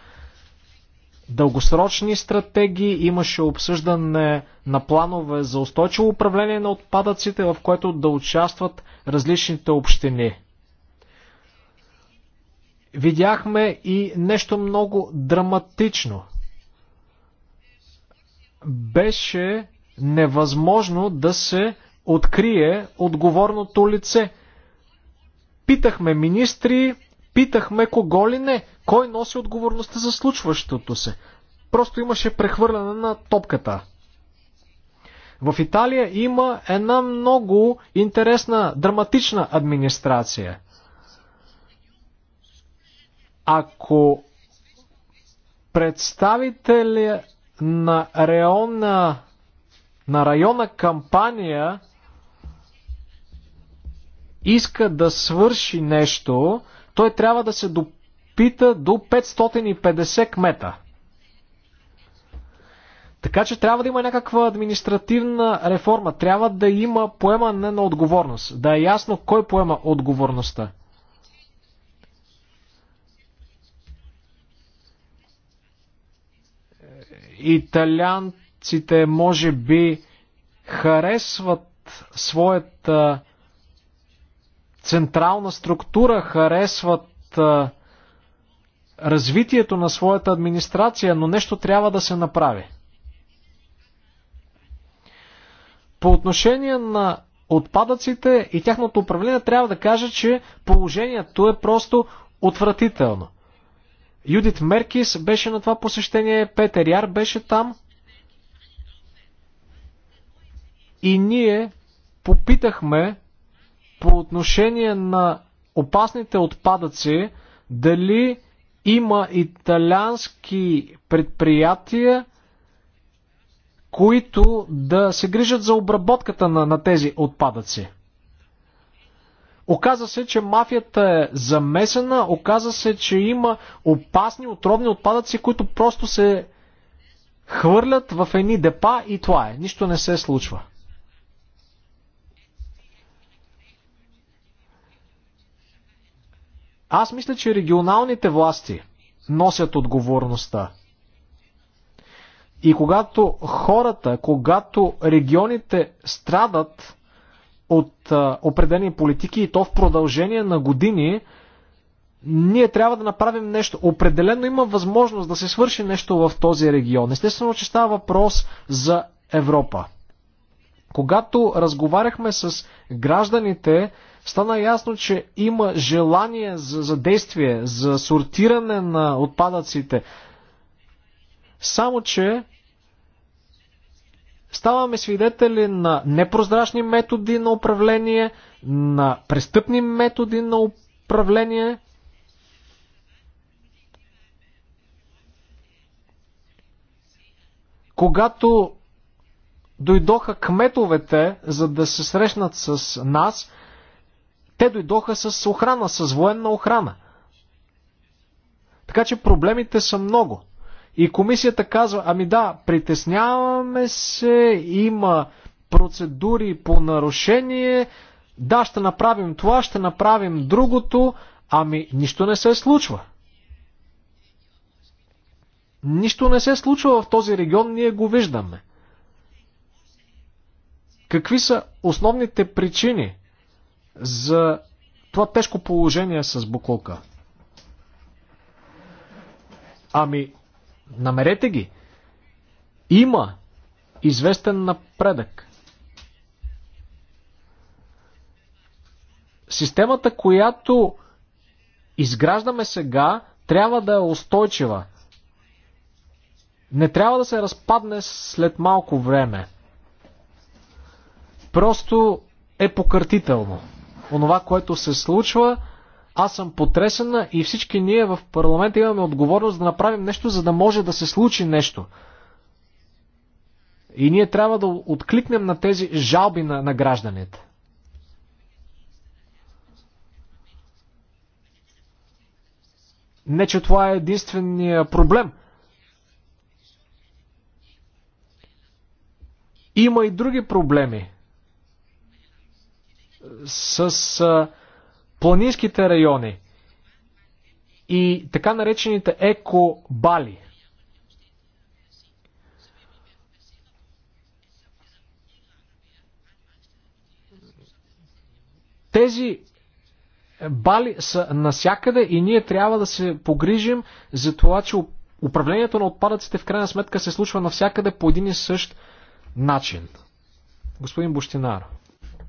дългосрочни стратегии, имаше обсъждане на планове за устойчиво управление на отпадъците, в което да участват различните общини. Видяхме и нещо много драматично. Беше невъзможно да се открие отговорното лице. Питахме министри, Питахме кого ли не, кой носи отговорността за случващото се. Просто имаше прехвърляне на топката. В Италия има една много интересна, драматична администрация. Ако представители на района, на района кампания иска да свърши нещо, той трябва да се допита до 550 кмета. Така че трябва да има някаква административна реформа. Трябва да има поемане на отговорност. Да е ясно кой поема отговорността. Италианците може би харесват своята централна структура харесват развитието на своята администрация, но нещо трябва да се направи. По отношение на отпадъците и тяхното управление, трябва да кажа, че положението е просто отвратително. Юдит Меркис беше на това посещение, Петер Яр беше там. И ние попитахме по отношение на опасните отпадъци, дали има италиански предприятия, които да се грижат за обработката на, на тези отпадъци. Оказа се, че мафията е замесена, оказа се, че има опасни, отровни отпадъци, които просто се хвърлят в едни депа и това е. Нищо не се случва. Аз мисля, че регионалните власти носят отговорността. И когато хората, когато регионите страдат от а, определени политики и то в продължение на години, ние трябва да направим нещо. Определено има възможност да се свърши нещо в този регион. Естествено, че става въпрос за Европа. Когато разговаряхме с гражданите, стана ясно, че има желание за, за действие, за сортиране на отпадъците. Само, че ставаме свидетели на непрозрачни методи на управление, на престъпни методи на управление. Когато дойдоха кметовете, за да се срещнат с нас. Те дойдоха с охрана, с военна охрана. Така че проблемите са много. И комисията казва, ами да, притесняваме се, има процедури по нарушение, да, ще направим това, ще направим другото, ами нищо не се случва. Нищо не се случва в този регион, ние го виждаме. Какви са основните причини за това тежко положение с буклука? Ами, намерете ги. Има известен напредък. Системата, която изграждаме сега, трябва да е устойчива. Не трябва да се разпадне след малко време. Просто е покъртително. Онова, което се случва, аз съм потресена и всички ние в парламента имаме отговорност да направим нещо, за да може да се случи нещо. И ние трябва да откликнем на тези жалби на, на гражданите. Не, че това е единствения проблем. Има и други проблеми с планинските райони и така наречените екобали. Тези бали са насякъде и ние трябва да се погрижим за това, че управлението на отпадъците в крайна сметка се случва навсякъде по един и същ начин. Господин Буштинар.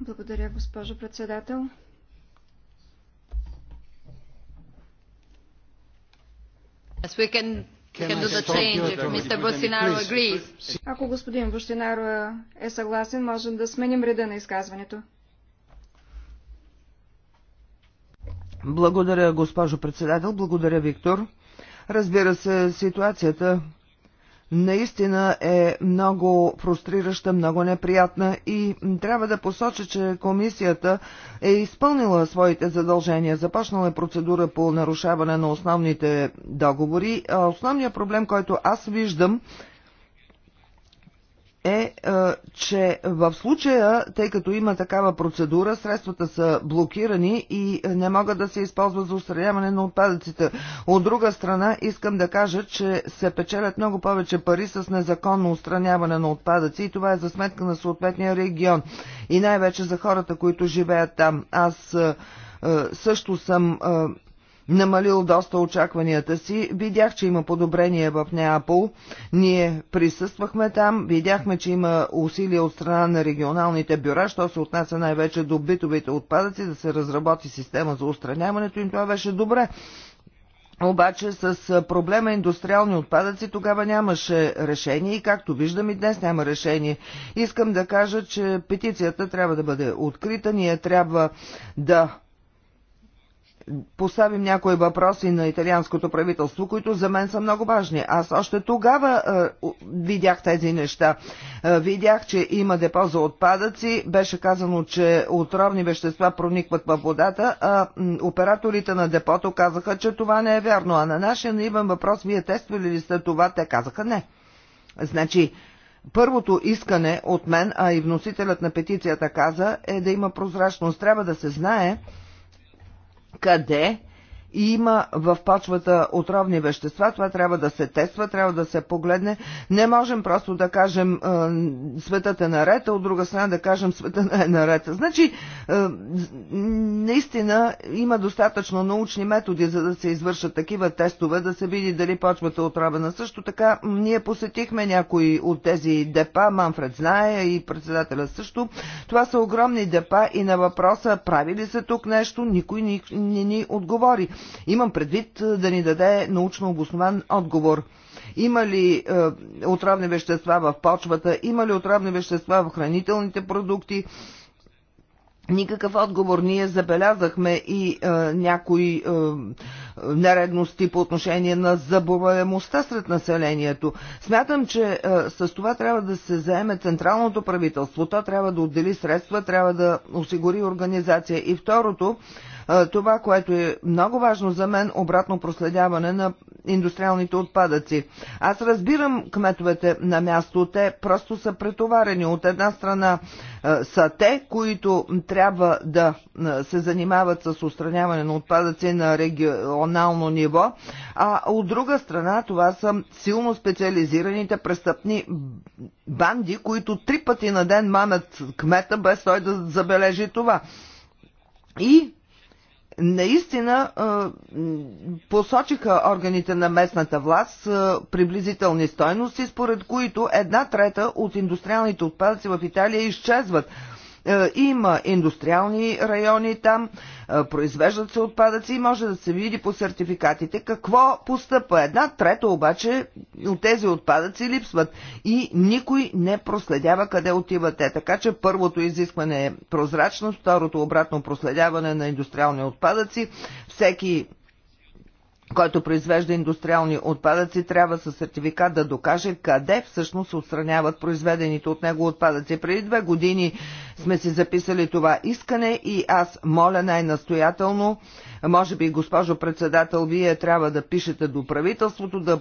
Благодаря, госпожо председател. Ако господин Бощинаро е съгласен, можем да сменим реда на изказването. Благодаря, госпожо председател. Благодаря, Виктор. Разбира се, ситуацията наистина е много прострираща, много неприятна и трябва да посоча, че комисията е изпълнила своите задължения. Започнала е процедура по нарушаване на основните договори. Основният проблем, който аз виждам, е, е, че в случая, тъй като има такава процедура, средствата са блокирани и не могат да се използват за устраняване на отпадъците. От друга страна, искам да кажа, че се печелят много повече пари с незаконно устраняване на отпадъци и това е за сметка на съответния регион. И най-вече за хората, които живеят там. Аз е, е, също съм намалил доста очакванията си. Видях, че има подобрение в Неапол. Ние присъствахме там, видяхме, че има усилия от страна на регионалните бюра, що се отнася най-вече до битовите отпадъци, да се разработи система за устраняването им. Това беше добре. Обаче с проблема индустриални отпадъци тогава нямаше решение и както виждам и днес няма решение. Искам да кажа, че петицията трябва да бъде открита, ние трябва да поставим някои въпроси на италианското правителство, които за мен са много важни. Аз още тогава е, видях тези неща. Е, видях, че има депо за отпадъци, беше казано, че отровни вещества проникват във водата, а операторите на депото казаха, че това не е вярно. А на нашия наивен въпрос, вие тествали ли сте това, те казаха не. Значи, Първото искане от мен, а и вносителят на петицията каза, е да има прозрачност. Трябва да се знае, къде и има в почвата отровни вещества, това трябва да се тества, трябва да се погледне. Не можем просто да кажем светът е наред, а от друга страна да кажем света не е наред. Значи, наистина има достатъчно научни методи, за да се извършат такива тестове, да се види дали почвата е отравена. Също така, ние посетихме някои от тези депа, Манфред знае и председателя също. Това са огромни депа и на въпроса прави ли се тук нещо, никой не ни, ни, ни отговори. Имам предвид е, да ни даде научно обоснован отговор. Има ли е, отравни вещества в почвата, има ли отравни вещества в хранителните продукти? Никакъв отговор. Ние забелязахме и е, някои е, нередности по отношение на заболеваемостта сред населението. Смятам, че е, с това трябва да се заеме централното правителство. То трябва да отдели средства, трябва да осигури организация. И второто, е, това, което е много важно за мен, обратно проследяване на индустриалните отпадъци. Аз разбирам кметовете на място, те просто са претоварени. От една страна е, са те, които трябва да се занимават с устраняване на отпадъци на регион регионално ниво, а от друга страна това са силно специализираните престъпни банди, които три пъти на ден мамят кмета, без той да забележи това. И наистина посочиха органите на местната власт приблизителни стойности, според които една трета от индустриалните отпадъци в Италия изчезват. Е, има индустриални райони там, е, произвеждат се отпадъци и може да се види по сертификатите какво постъпва. Една трета обаче от тези отпадъци липсват и никой не проследява къде отиват те. Така че първото изискване е прозрачност, второто обратно проследяване на индустриални отпадъци. Всеки който произвежда индустриални отпадъци, трябва със сертификат да докаже къде всъщност се отстраняват произведените от него отпадъци. Преди две години сме си записали това искане и аз моля най-настоятелно може би, госпожо председател, вие трябва да пишете до правителството, да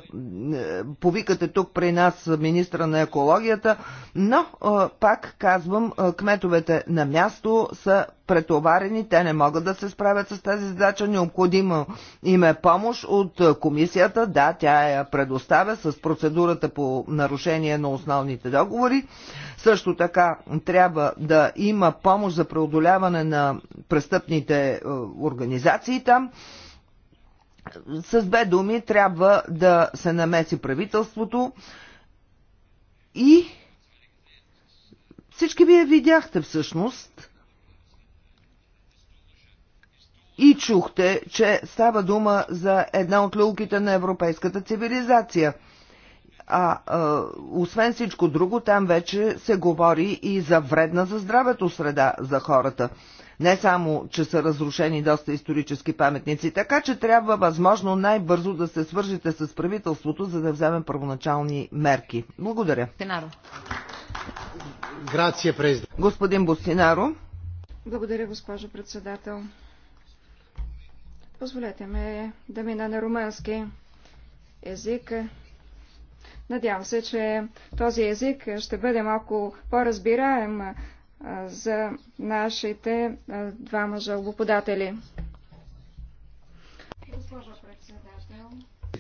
е, повикате тук при нас министра на екологията, но е, пак казвам, е, кметовете на място са претоварени, те не могат да се справят с тази задача, необходимо им е помощ от комисията, да, тя я предоставя с процедурата по нарушение на основните договори. Също така трябва да има помощ за преодоляване на престъпните организации, ситуации там. С две думи трябва да се намеси правителството и всички вие видяхте всъщност и чухте, че става дума за една от люлките на европейската цивилизация. А, а освен всичко друго, там вече се говори и за вредна за здравето среда за хората. Не само, че са разрушени доста исторически паметници, така че трябва възможно най-бързо да се свържете с правителството, за да вземем първоначални мерки. Благодаря. Бустинаро. Грация, президент. Господин Босинаро. Благодаря, госпожо председател. Позволете ме да мина на румънски език. Надявам се, че този език ще бъде малко по-разбираем за нашите двама жалбоподатели.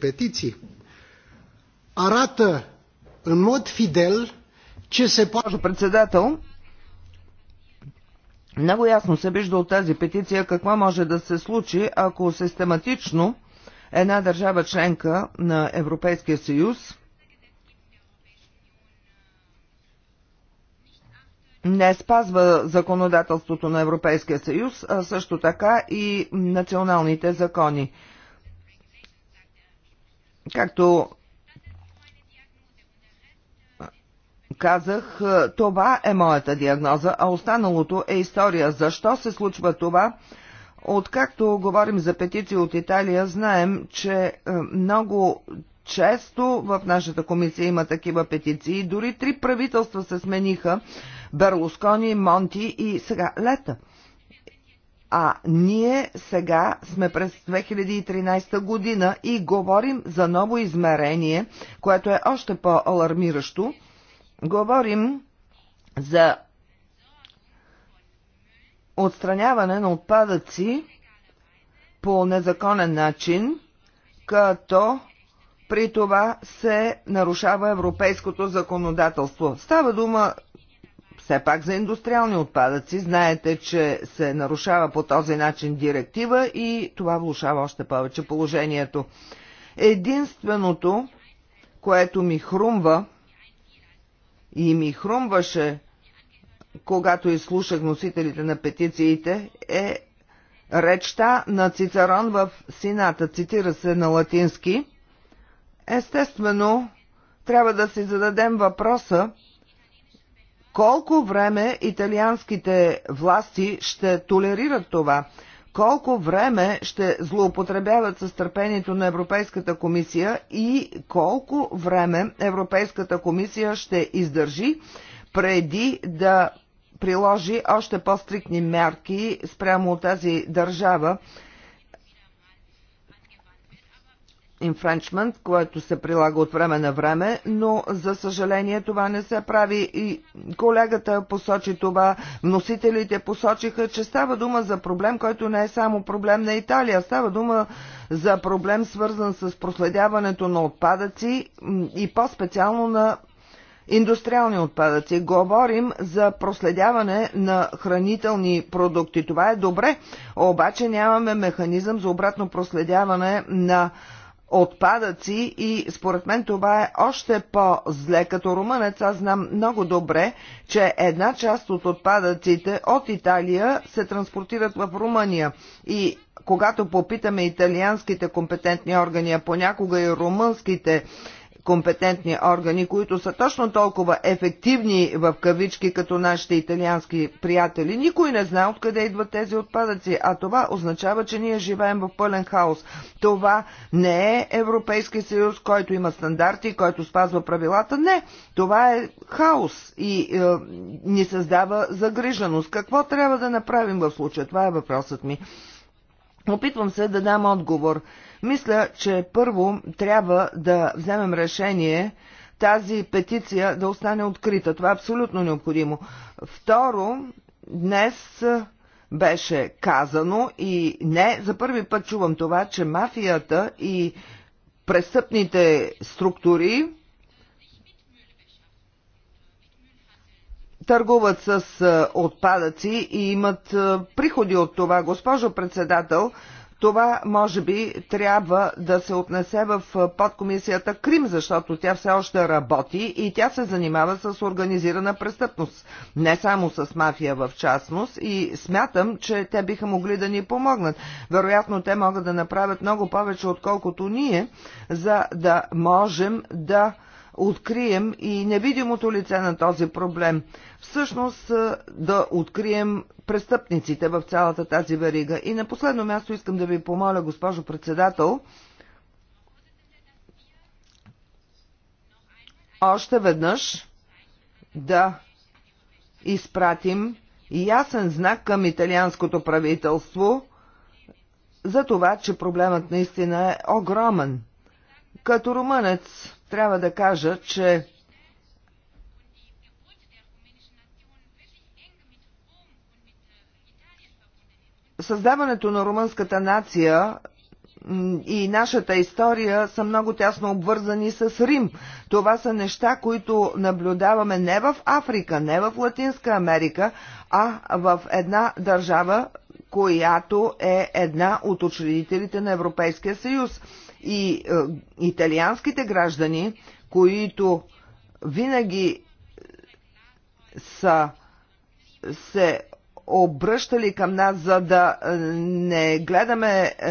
Петиции. Арată în mod fidel ce se poate... Председател, много ясно се вижда от тази петиция какво може да се случи, ако систематично една държава членка на Европейския съюз не спазва законодателството на Европейския съюз, а също така и националните закони. Както казах, това е моята диагноза, а останалото е история. Защо се случва това? Откакто говорим за петиции от Италия, знаем, че е, много често в нашата комисия има такива петиции. Дори три правителства се смениха Берлускони, Монти и сега Лета. А ние сега сме през 2013 година и говорим за ново измерение, което е още по-алармиращо. Говорим за отстраняване на отпадъци по незаконен начин, като при това се нарушава европейското законодателство. Става дума все пак за индустриални отпадъци. Знаете, че се нарушава по този начин директива и това влушава още повече положението. Единственото, което ми хрумва и ми хрумваше, когато изслушах носителите на петициите, е речта на Цицерон в Сината, цитира се на латински. Естествено, трябва да си зададем въпроса, колко време италианските власти ще толерират това? Колко време ще злоупотребяват с търпението на Европейската комисия и колко време Европейската комисия ще издържи преди да приложи още по-стрикни мерки спрямо от тази държава, infringement, което се прилага от време на време, но за съжаление това не се прави и колегата посочи това, вносителите посочиха, че става дума за проблем, който не е само проблем на Италия, става дума за проблем свързан с проследяването на отпадъци и по-специално на индустриални отпадъци. Говорим за проследяване на хранителни продукти. Това е добре, обаче нямаме механизъм за обратно проследяване на отпадъци и според мен това е още по-зле. Като румънец аз знам много добре, че една част от отпадъците от Италия се транспортират в Румъния и когато попитаме италианските компетентни органи, а понякога и румънските компетентни органи, които са точно толкова ефективни в кавички, като нашите италиански приятели. Никой не знае откъде идват тези отпадъци, а това означава, че ние живеем в пълен хаос. Това не е Европейски съюз, който има стандарти, който спазва правилата. Не, това е хаос и е, ни създава загриженост. Какво трябва да направим в случая? Това е въпросът ми. Опитвам се да дам отговор. Мисля, че първо трябва да вземем решение тази петиция да остане открита. Това е абсолютно необходимо. Второ, днес беше казано и не за първи път чувам това, че мафията и престъпните структури търгуват с отпадъци и имат приходи от това. Госпожо председател, това, може би, трябва да се отнесе в подкомисията Крим, защото тя все още работи и тя се занимава с организирана престъпност, не само с мафия в частност и смятам, че те биха могли да ни помогнат. Вероятно, те могат да направят много повече, отколкото ние, за да можем да открием и невидимото лице на този проблем. Всъщност да открием престъпниците в цялата тази верига. И на последно място искам да ви помоля, госпожо председател, още веднъж да изпратим ясен знак към италианското правителство за това, че проблемът наистина е огромен. Като румънец трябва да кажа, че създаването на румънската нация и нашата история са много тясно обвързани с Рим. Това са неща, които наблюдаваме не в Африка, не в Латинска Америка, а в една държава, която е една от учредителите на Европейския съюз. И е, италианските граждани, които винаги са се обръщали към нас, за да е, не гледаме е,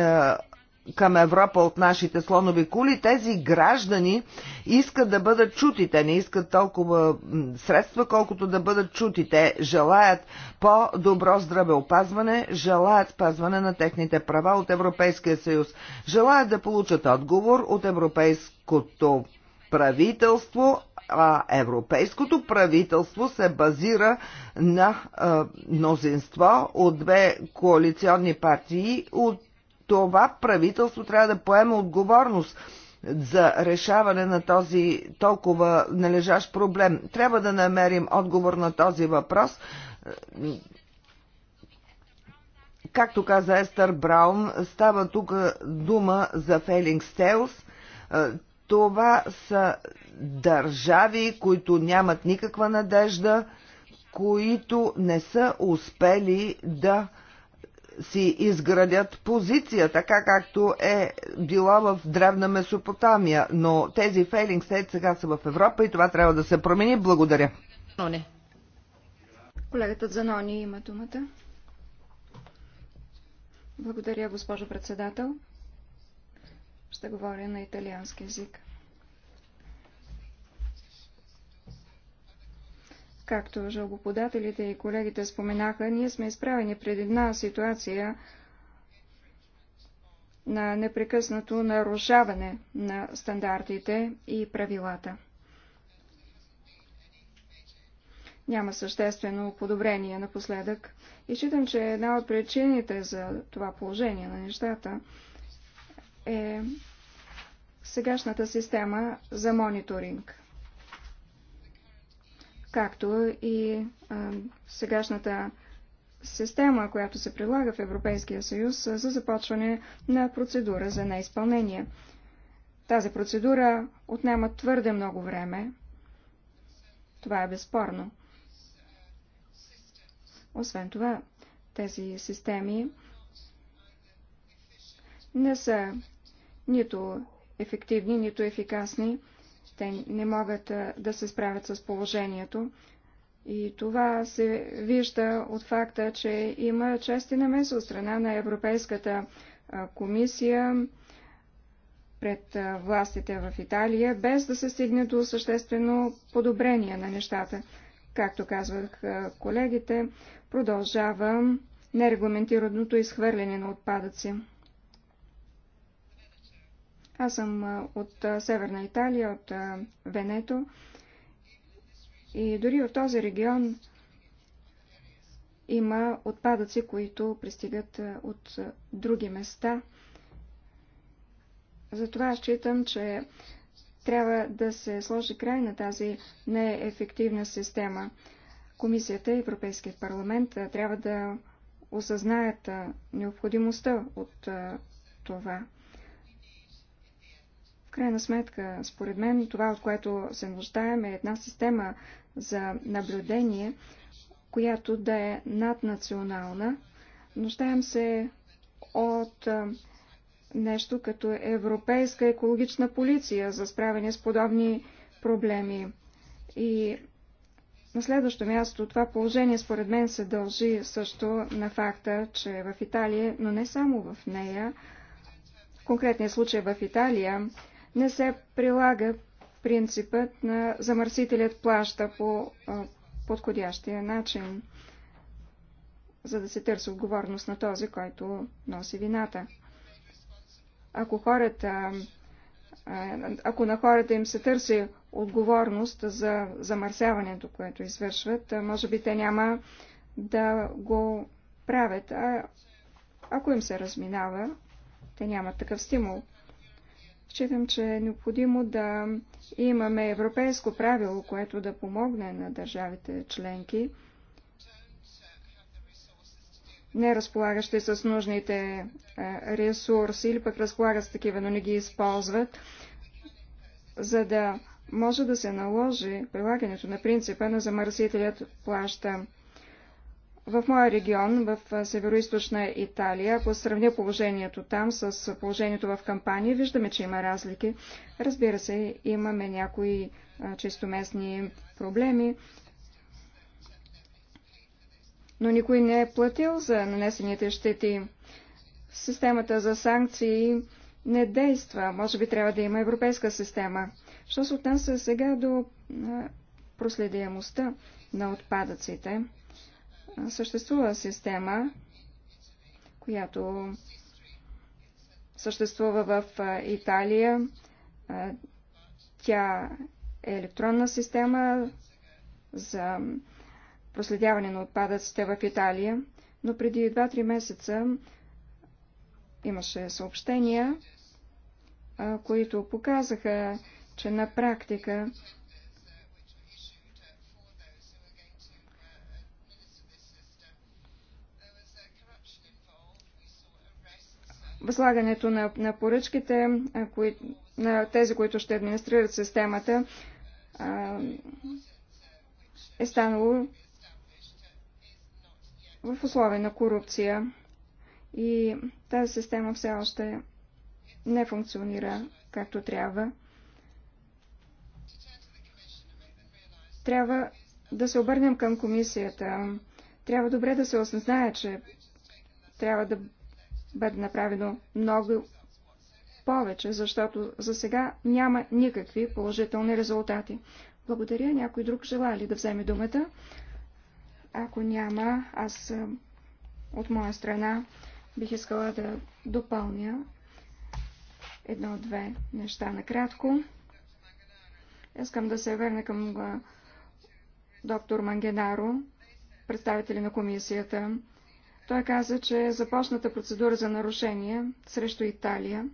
към Европа от нашите слонови кули, тези граждани искат да бъдат чути. Те не искат толкова средства, колкото да бъдат чути. Те желаят по-добро здравеопазване, желаят спазване на техните права от Европейския съюз. Желаят да получат отговор от европейското правителство, а европейското правителство се базира на а, мнозинство от две коалиционни партии от това правителство трябва да поеме отговорност за решаване на този толкова належащ проблем. Трябва да намерим отговор на този въпрос. Както каза Естер Браун, става тук дума за фейлинг Стелс. Това са държави, които нямат никаква надежда, които не са успели да си изградят позиция, така както е била в древна Месопотамия. Но тези фейлинг стейт сега са в Европа и това трябва да се промени. Благодаря. Колегата Занони има думата. Благодаря, госпожо председател. Ще говоря на италиански язик. Както жалбоподателите и колегите споменаха, ние сме изправени пред една ситуация на непрекъснато нарушаване на стандартите и правилата. Няма съществено подобрение напоследък и считам, че една от причините за това положение на нещата е сегашната система за мониторинг както и а, сегашната система, която се прилага в Европейския съюз за започване на процедура за неизпълнение. Тази процедура отнема твърде много време. Това е безспорно. Освен това, тези системи не са нито ефективни, нито ефикасни те не могат да се справят с положението. И това се вижда от факта, че има чести намеса от страна на Европейската комисия пред властите в Италия, без да се стигне до съществено подобрение на нещата. Както казвах колегите, продължава нерегламентираното изхвърляне на отпадъци. Аз съм от Северна Италия, от Венето. И дори в този регион има отпадъци, които пристигат от други места. Затова считам, че трябва да се сложи край на тази неефективна система. Комисията и Европейският парламент трябва да осъзнаят необходимостта от това крайна сметка, според мен, това, от което се нуждаем, е една система за наблюдение, която да е наднационална. Нуждаем се от нещо като европейска екологична полиция за справяне с подобни проблеми. И на следващо място това положение според мен се дължи също на факта, че в Италия, но не само в нея, в конкретния случай в Италия, не се прилага принципът на замърсителят плаща по подходящия начин, за да се търси отговорност на този, който носи вината. Ако хората ако на хората им се търси отговорност за замърсяването, което извършват, може би те няма да го правят. А ако им се разминава, те нямат такъв стимул. Считам, че е необходимо да имаме европейско правило, което да помогне на държавите членки, не разполагащи с нужните е, ресурси или пък разполагат с такива, но не ги използват, за да може да се наложи прилагането на принципа на замърсителят плаща. В моя регион, в северо Италия, ако сравня положението там с положението в кампания, виждаме, че има разлики. Разбира се, имаме някои чисто местни проблеми, но никой не е платил за нанесените щети. Системата за санкции не действа. Може би трябва да има европейска система. Що се отнася сега до проследяемостта на отпадъците? Съществува система, която съществува в Италия. Тя е електронна система за проследяване на отпадъците в Италия, но преди 2-3 месеца имаше съобщения, които показаха, че на практика възлагането на, на поръчките, кои, на тези, които ще администрират системата, е станало в условия на корупция. И тази система все още не функционира както трябва. Трябва да се обърнем към комисията. Трябва добре да се осъзнае, че трябва да бъде направено много повече, защото за сега няма никакви положителни резултати. Благодаря. Някой друг желая ли да вземе думата? Ако няма, аз от моя страна бих искала да допълня едно-две неща накратко. Искам да се върна към доктор Мангенаро, представители на комисията. Той каза, че е започната процедура за нарушение срещу Италия.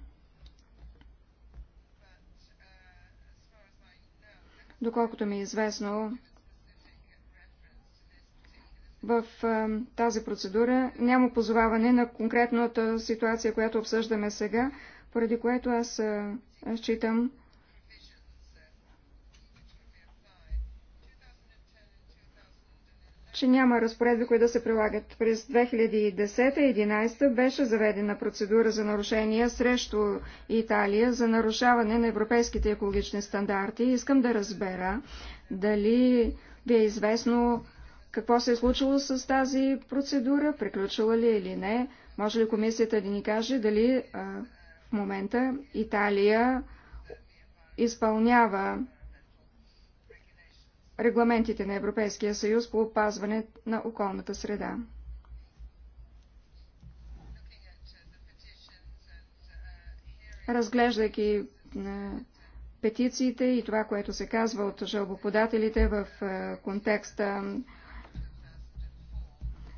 Доколкото ми е известно, в тази процедура няма позоваване на конкретната ситуация, която обсъждаме сега, поради което аз считам, че няма разпоредби, които да се прилагат. През 2010-2011 беше заведена процедура за нарушения срещу Италия за нарушаване на европейските екологични стандарти. Искам да разбера дали ви е известно какво се е случило с тази процедура, приключила ли е или не. Може ли комисията да ни каже дали а, в момента Италия изпълнява регламентите на Европейския съюз по опазване на околната среда. Разглеждайки е, петициите и това, което се казва от жалбоподателите в е, контекста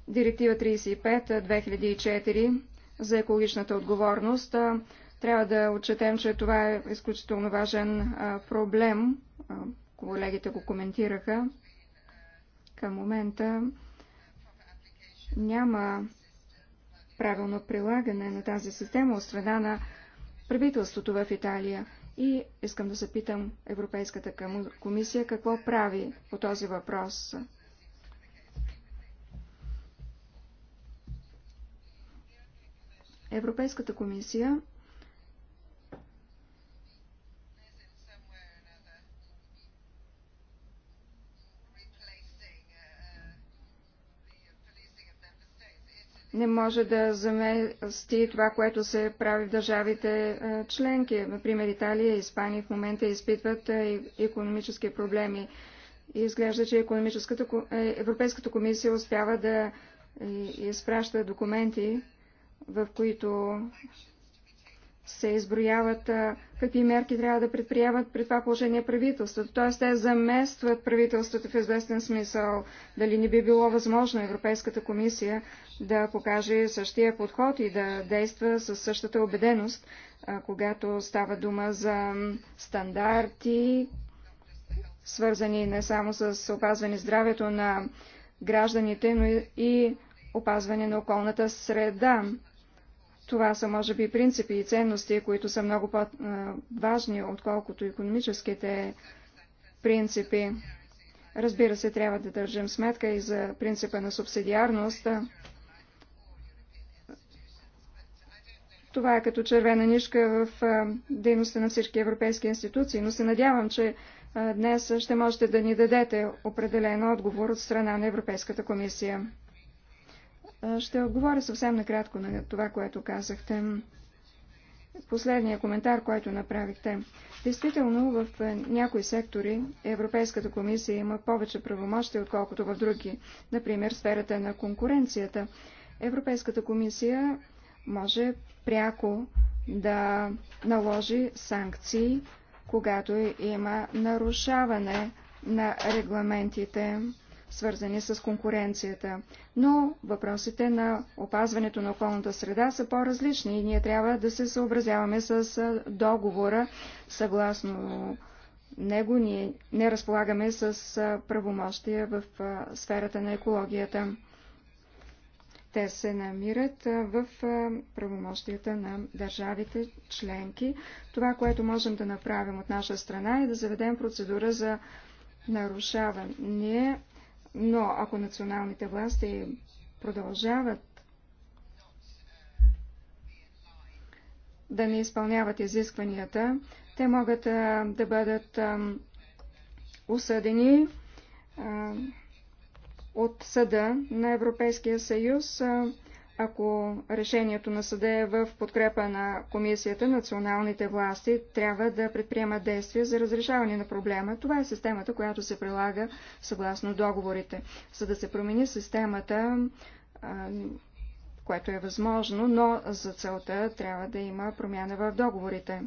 Директива 35-2004 е, за екологичната отговорност, трябва да отчетем, че това е изключително важен проблем колегите го коментираха, към момента няма правилно прилагане на тази система от страна на правителството в Италия. И искам да запитам Европейската комисия какво прави по този въпрос. Европейската комисия не може да замести това, което се прави в държавите е, членки. Например, Италия и Испания в момента изпитват економически проблеми. И изглежда, че е, Европейската комисия успява да е, изпраща документи, в които се изброяват какви мерки трябва да предприемат при това положение правителството. Т.е. те заместват правителството в известен смисъл. Дали не би било възможно Европейската комисия да покаже същия подход и да действа с същата убеденост, когато става дума за стандарти, свързани не само с опазване здравето на гражданите, но и опазване на околната среда. Това са, може би, принципи и ценности, които са много по-важни, отколкото економическите принципи. Разбира се, трябва да държим сметка и за принципа на субсидиарност. Това е като червена нишка в дейността на всички европейски институции, но се надявам, че днес ще можете да ни дадете определен отговор от страна на Европейската комисия. Ще отговоря съвсем накратко на това, което казахте. Последния коментар, който направихте. Действително, в някои сектори Европейската комисия има повече правомощи, отколкото в други. Например, сферата на конкуренцията. Европейската комисия може пряко да наложи санкции, когато има нарушаване на регламентите свързани с конкуренцията. Но въпросите на опазването на околната среда са по-различни и ние трябва да се съобразяваме с договора. Съгласно него ние не разполагаме с правомощия в сферата на екологията. Те се намират в правомощията на държавите членки. Това, което можем да направим от наша страна е да заведем процедура за нарушаване но ако националните власти продължават да не изпълняват изискванията, те могат а, да бъдат а, осъдени а, от съда на Европейския съюз а, ако решението на съда е в подкрепа на комисията, националните власти трябва да предприемат действия за разрешаване на проблема. Това е системата, която се прилага съгласно договорите. За да се промени системата, което е възможно, но за целта трябва да има промяна в договорите.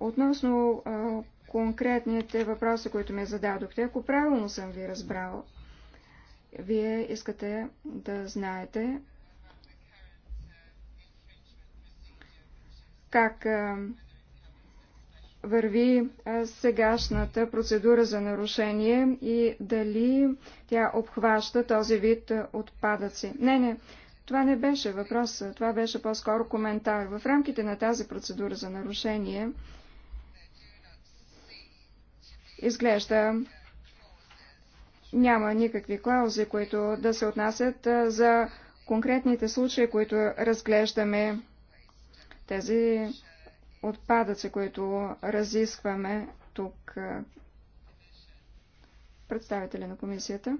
Относно конкретните въпроси, които ми зададохте, ако правилно съм ви разбрал, вие искате да знаете как върви сегашната процедура за нарушение и дали тя обхваща този вид отпадъци. Не, не, това не беше въпрос, това беше по-скоро коментар. В рамките на тази процедура за нарушение изглежда няма никакви клаузи, които да се отнасят за конкретните случаи, които разглеждаме тези отпадъци, които разискваме тук представители на комисията.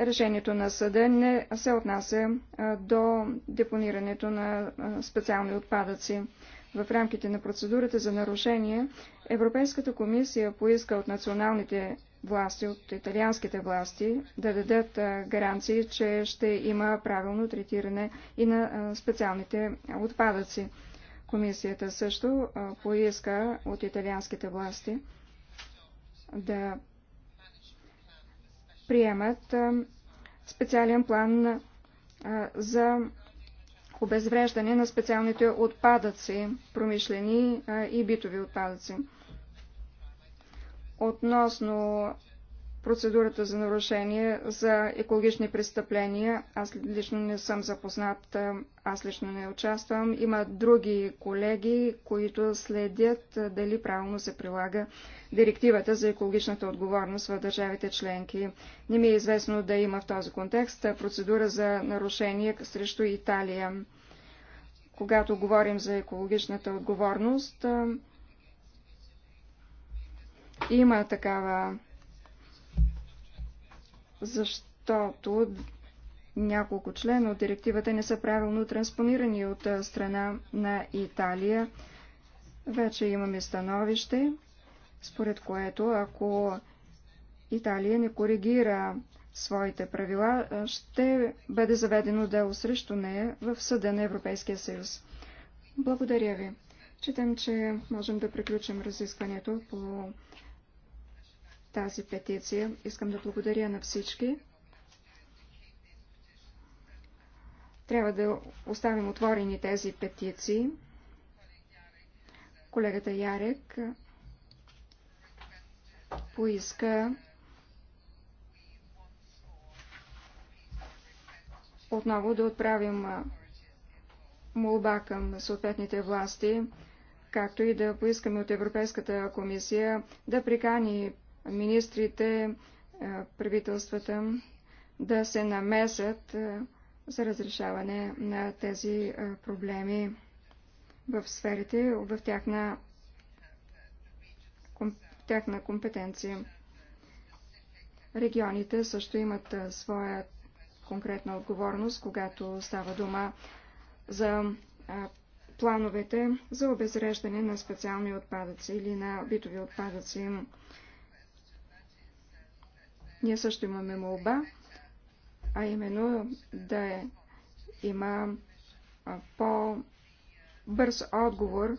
Решението на съда не се отнася до депонирането на специални отпадъци. В рамките на процедурата за нарушение Европейската комисия поиска от националните власти, от италианските власти, да дадат гаранции, че ще има правилно третиране и на специалните отпадъци. Комисията също поиска от италианските власти да приемат специален план за обезвреждане на специалните отпадъци, промишлени и битови отпадъци относно процедурата за нарушение за екологични престъпления. Аз лично не съм запознат, аз лично не участвам. Има други колеги, които следят дали правилно се прилага директивата за екологичната отговорност в държавите членки. Не ми е известно да има в този контекст процедура за нарушение срещу Италия. Когато говорим за екологичната отговорност, има такава, защото няколко члена от директивата не са правилно транспонирани от страна на Италия. Вече имаме становище, според което ако Италия не коригира своите правила, ще бъде заведено дело срещу нея в Съда на Европейския съюз. Благодаря ви. Читам, че можем да приключим разискването по тази петиция. Искам да благодаря на всички. Трябва да оставим отворени тези петиции. Колегата Ярек поиска отново да отправим молба към съответните власти, както и да поискаме от Европейската комисия да прикани министрите, е, правителствата да се намесят е, за разрешаване на тези е, проблеми в сферите, в тяхна, тяхна компетенция. Регионите също имат своя конкретна отговорност, когато става дума за плановете за обезреждане на специални отпадъци или на битови отпадъци. Ние също имаме молба, а именно да е- има по-бърз отговор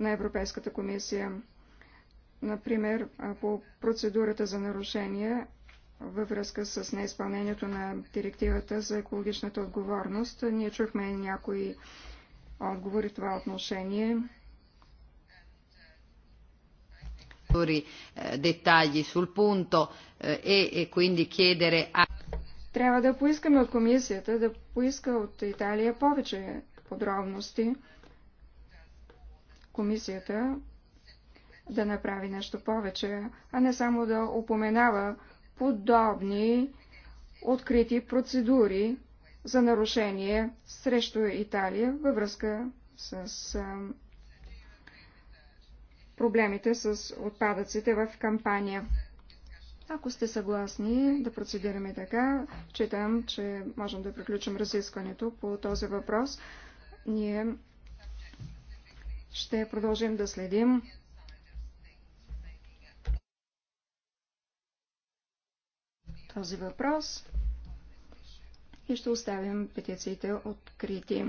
на Европейската комисия. Например, по процедурата за нарушения във връзка с неизпълнението на директивата за екологичната отговорност. Ние чухме някои отговори в това отношение. ulteriori eh, dettagli sul punto eh, e, e quindi chiedere a... Трябва да поискаме от комисията да поиска от Италия повече подробности. Комисията да направи нещо повече, а не само да упоменава подобни открити процедури за нарушение срещу Италия във връзка с проблемите с отпадъците в кампания. Ако сте съгласни да процедираме така, читам, че можем да приключим разискването по този въпрос. Ние ще продължим да следим този въпрос и ще оставим петициите открити.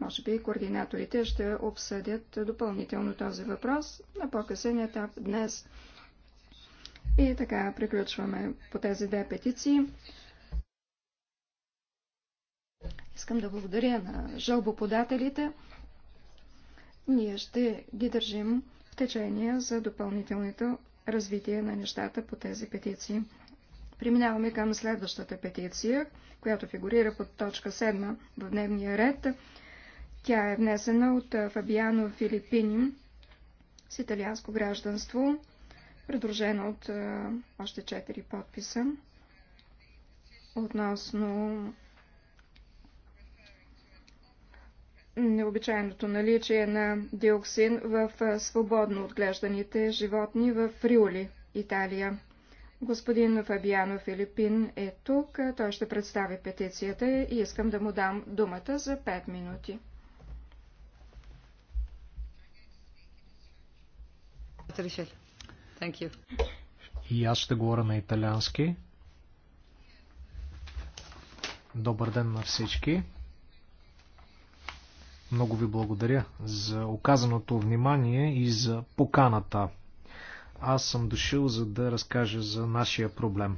Може би координаторите ще обсъдят допълнително този въпрос на по-късен етап днес. И така приключваме по тези две петиции. Искам да благодаря на жълбоподателите. Ние ще ги държим в течение за допълнителното развитие на нещата по тези петиции. Преминаваме към следващата петиция, която фигурира под точка 7 в дневния ред. Тя е внесена от Фабиано Филипини с италианско гражданство, придружена от още четири подписа относно необичайното наличие на диоксин в свободно отглежданите животни в Риоли, Италия. Господин Фабиано Филипин е тук. Той ще представи петицията и искам да му дам думата за 5 минути. Thank you. И аз ще говоря на италиански. Добър ден на всички. Много ви благодаря за оказаното внимание и за поканата. Аз съм дошъл за да разкажа за нашия проблем.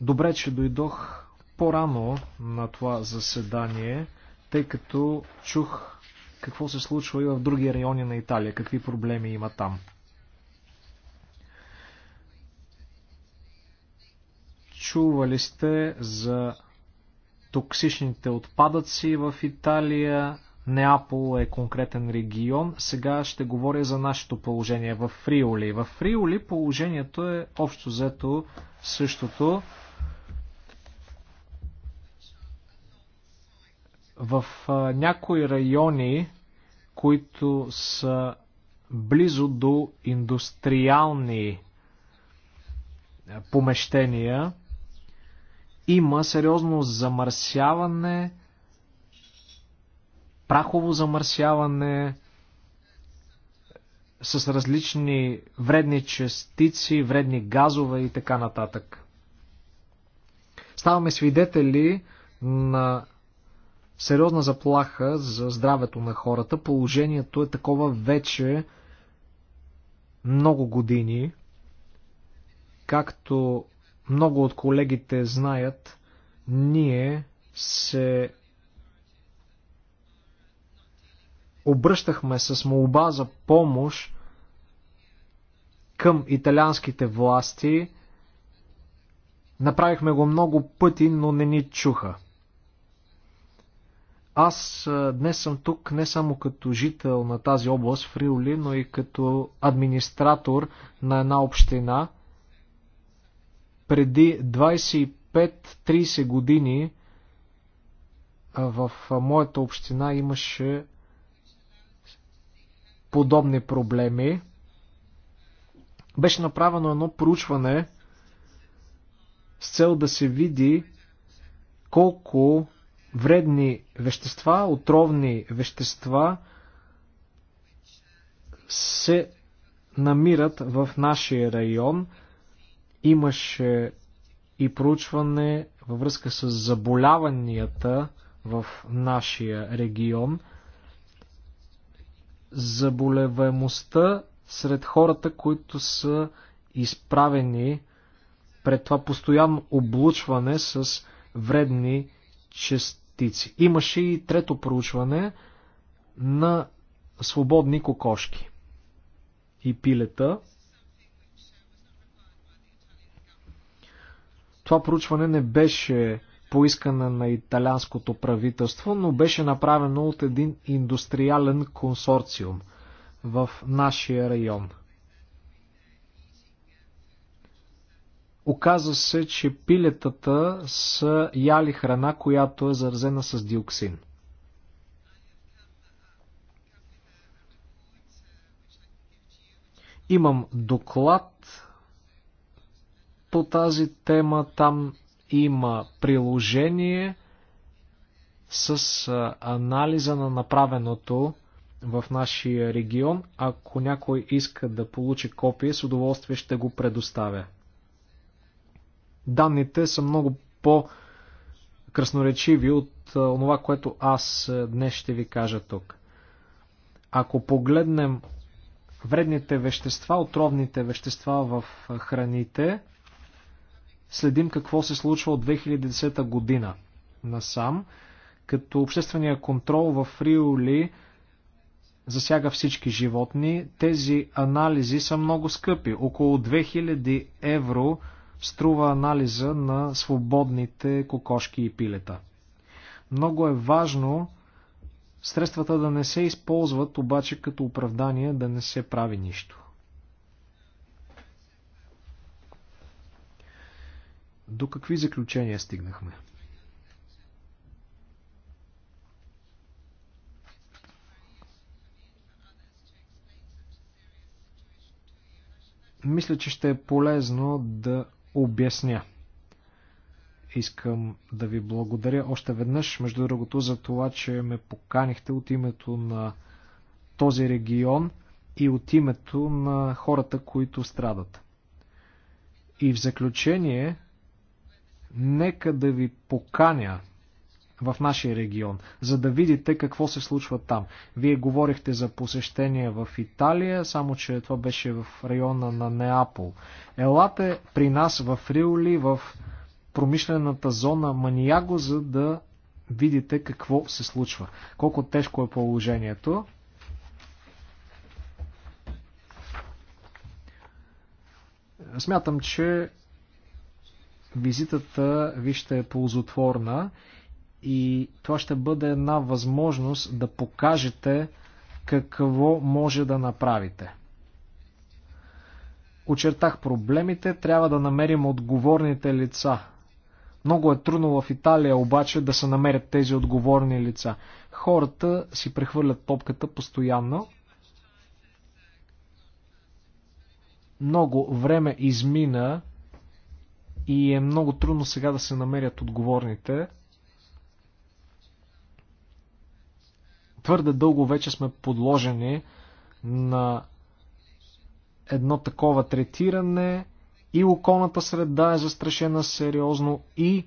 Добре, че дойдох по-рано на това заседание, тъй като чух какво се случва и в други райони на Италия, какви проблеми има там. Чували сте за токсичните отпадъци в Италия. Неапол е конкретен регион. Сега ще говоря за нашето положение в Фриоли. В Фриоли положението е общо взето същото. В някои райони, които са близо до индустриални помещения, има сериозно замърсяване, прахово замърсяване с различни вредни частици, вредни газове и така нататък. Ставаме свидетели на сериозна заплаха за здравето на хората. Положението е такова вече много години. Както много от колегите знаят, ние се обръщахме с молба за помощ към италианските власти. Направихме го много пъти, но не ни чуха. Аз днес съм тук не само като жител на тази област в Риоли, но и като администратор на една община. Преди 25-30 години в моята община имаше подобни проблеми. Беше направено едно проучване с цел да се види колко вредни вещества, отровни вещества се намират в нашия район. Имаше и проучване във връзка с заболяванията в нашия регион. Заболеваемостта сред хората, които са изправени пред това постоянно облучване с вредни чест инвестиции. Имаше и трето проучване на свободни кокошки и пилета. Това проучване не беше поискане на италианското правителство, но беше направено от един индустриален консорциум в нашия район – Оказва се, че пилетата са яли храна, която е заразена с диоксин. Имам доклад по тази тема. Там има приложение с анализа на направеното в нашия регион. Ако някой иска да получи копие, с удоволствие ще го предоставя данните са много по- красноречиви от това, което аз днес ще ви кажа тук. Ако погледнем вредните вещества, отровните вещества в храните, следим какво се случва от 2010 година насам, като обществения контрол в Риоли засяга всички животни. Тези анализи са много скъпи, около 2000 евро струва анализа на свободните кокошки и пилета. Много е важно средствата да не се използват, обаче като оправдание да не се прави нищо. До какви заключения стигнахме? Мисля, че ще е полезно да обясня. Искам да ви благодаря още веднъж, между другото, за това, че ме поканихте от името на този регион и от името на хората, които страдат. И в заключение, нека да ви поканя в нашия регион, за да видите какво се случва там. Вие говорихте за посещение в Италия, само че това беше в района на Неапол. Елате при нас в Риоли, в промишлената зона Маниаго, за да видите какво се случва. Колко тежко е положението. Смятам, че визитата ви ще е ползотворна и това ще бъде една възможност да покажете какво може да направите. Очертах проблемите, трябва да намерим отговорните лица. Много е трудно в Италия обаче да се намерят тези отговорни лица. Хората си прехвърлят топката постоянно. Много време измина и е много трудно сега да се намерят отговорните. твърде дълго вече сме подложени на едно такова третиране и околната среда е застрашена сериозно и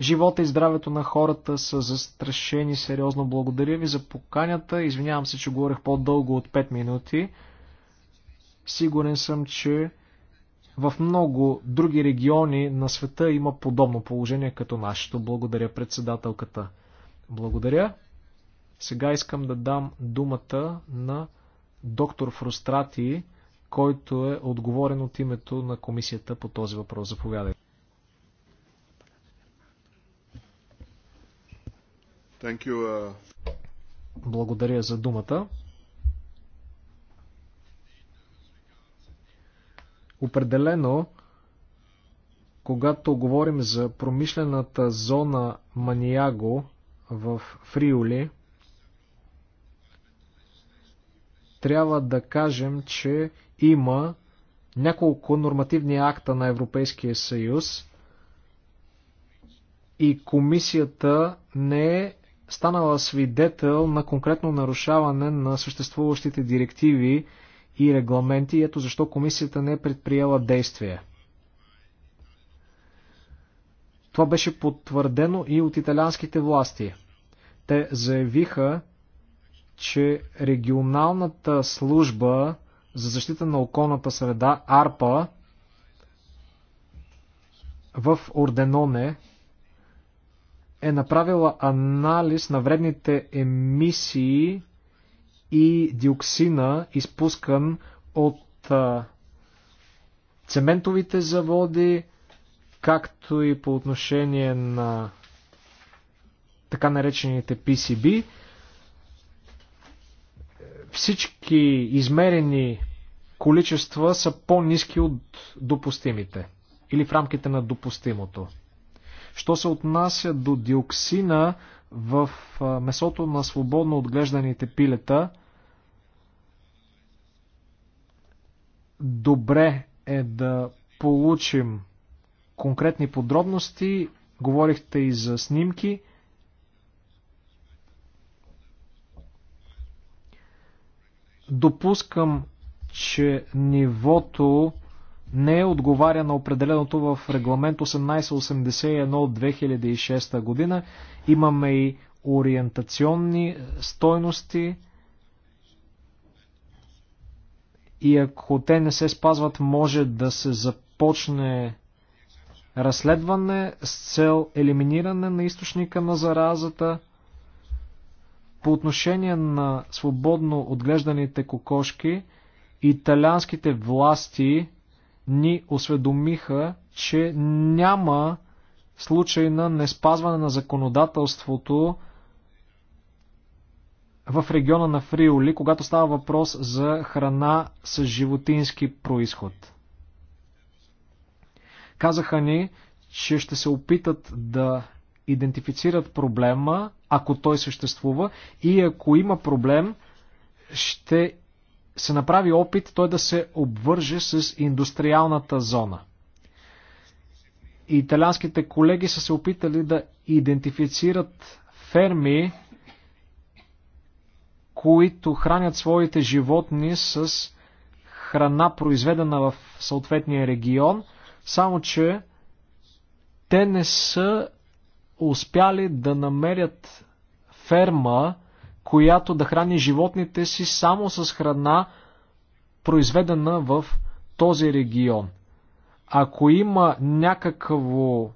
живота и здравето на хората са застрашени сериозно. Благодаря ви за поканята. Извинявам се, че говорих по-дълго от 5 минути. Сигурен съм, че в много други региони на света има подобно положение като нашето. Благодаря председателката. Благодаря. Сега искам да дам думата на доктор Фрустрати, който е отговорен от името на комисията по този въпрос. Заповядайте. Uh, Благодаря за думата. Определено, когато говорим за промишлената зона Маниаго в Фриоли, трябва да кажем, че има няколко нормативни акта на Европейския съюз и комисията не е станала свидетел на конкретно нарушаване на съществуващите директиви и регламенти, ето защо комисията не е предприела действия. Това беше потвърдено и от италианските власти. Те заявиха, че регионалната служба за защита на околната среда, АРПА, в Орденоне е направила анализ на вредните емисии и диоксина, изпускан от а, цементовите заводи, както и по отношение на така наречените PCB всички измерени количества са по-низки от допустимите или в рамките на допустимото. Що се отнася до диоксина в месото на свободно отглежданите пилета, добре е да получим конкретни подробности. Говорихте и за снимки. Допускам, че нивото не е отговаря на определеното в регламент 1881 от 2006 година. Имаме и ориентационни стойности и ако те не се спазват, може да се започне разследване с цел елиминиране на източника на заразата – по отношение на свободно отглежданите кокошки, италианските власти ни осведомиха, че няма случай на неспазване на законодателството в региона на Фриоли, когато става въпрос за храна с животински происход. Казаха ни, че ще се опитат да идентифицират проблема ако той съществува и ако има проблем, ще се направи опит той да се обвърже с индустриалната зона. Италианските колеги са се опитали да идентифицират ферми, които хранят своите животни с храна, произведена в съответния регион, само че те не са успяли да намерят ферма, която да храни животните си само с храна, произведена в този регион. Ако има някакво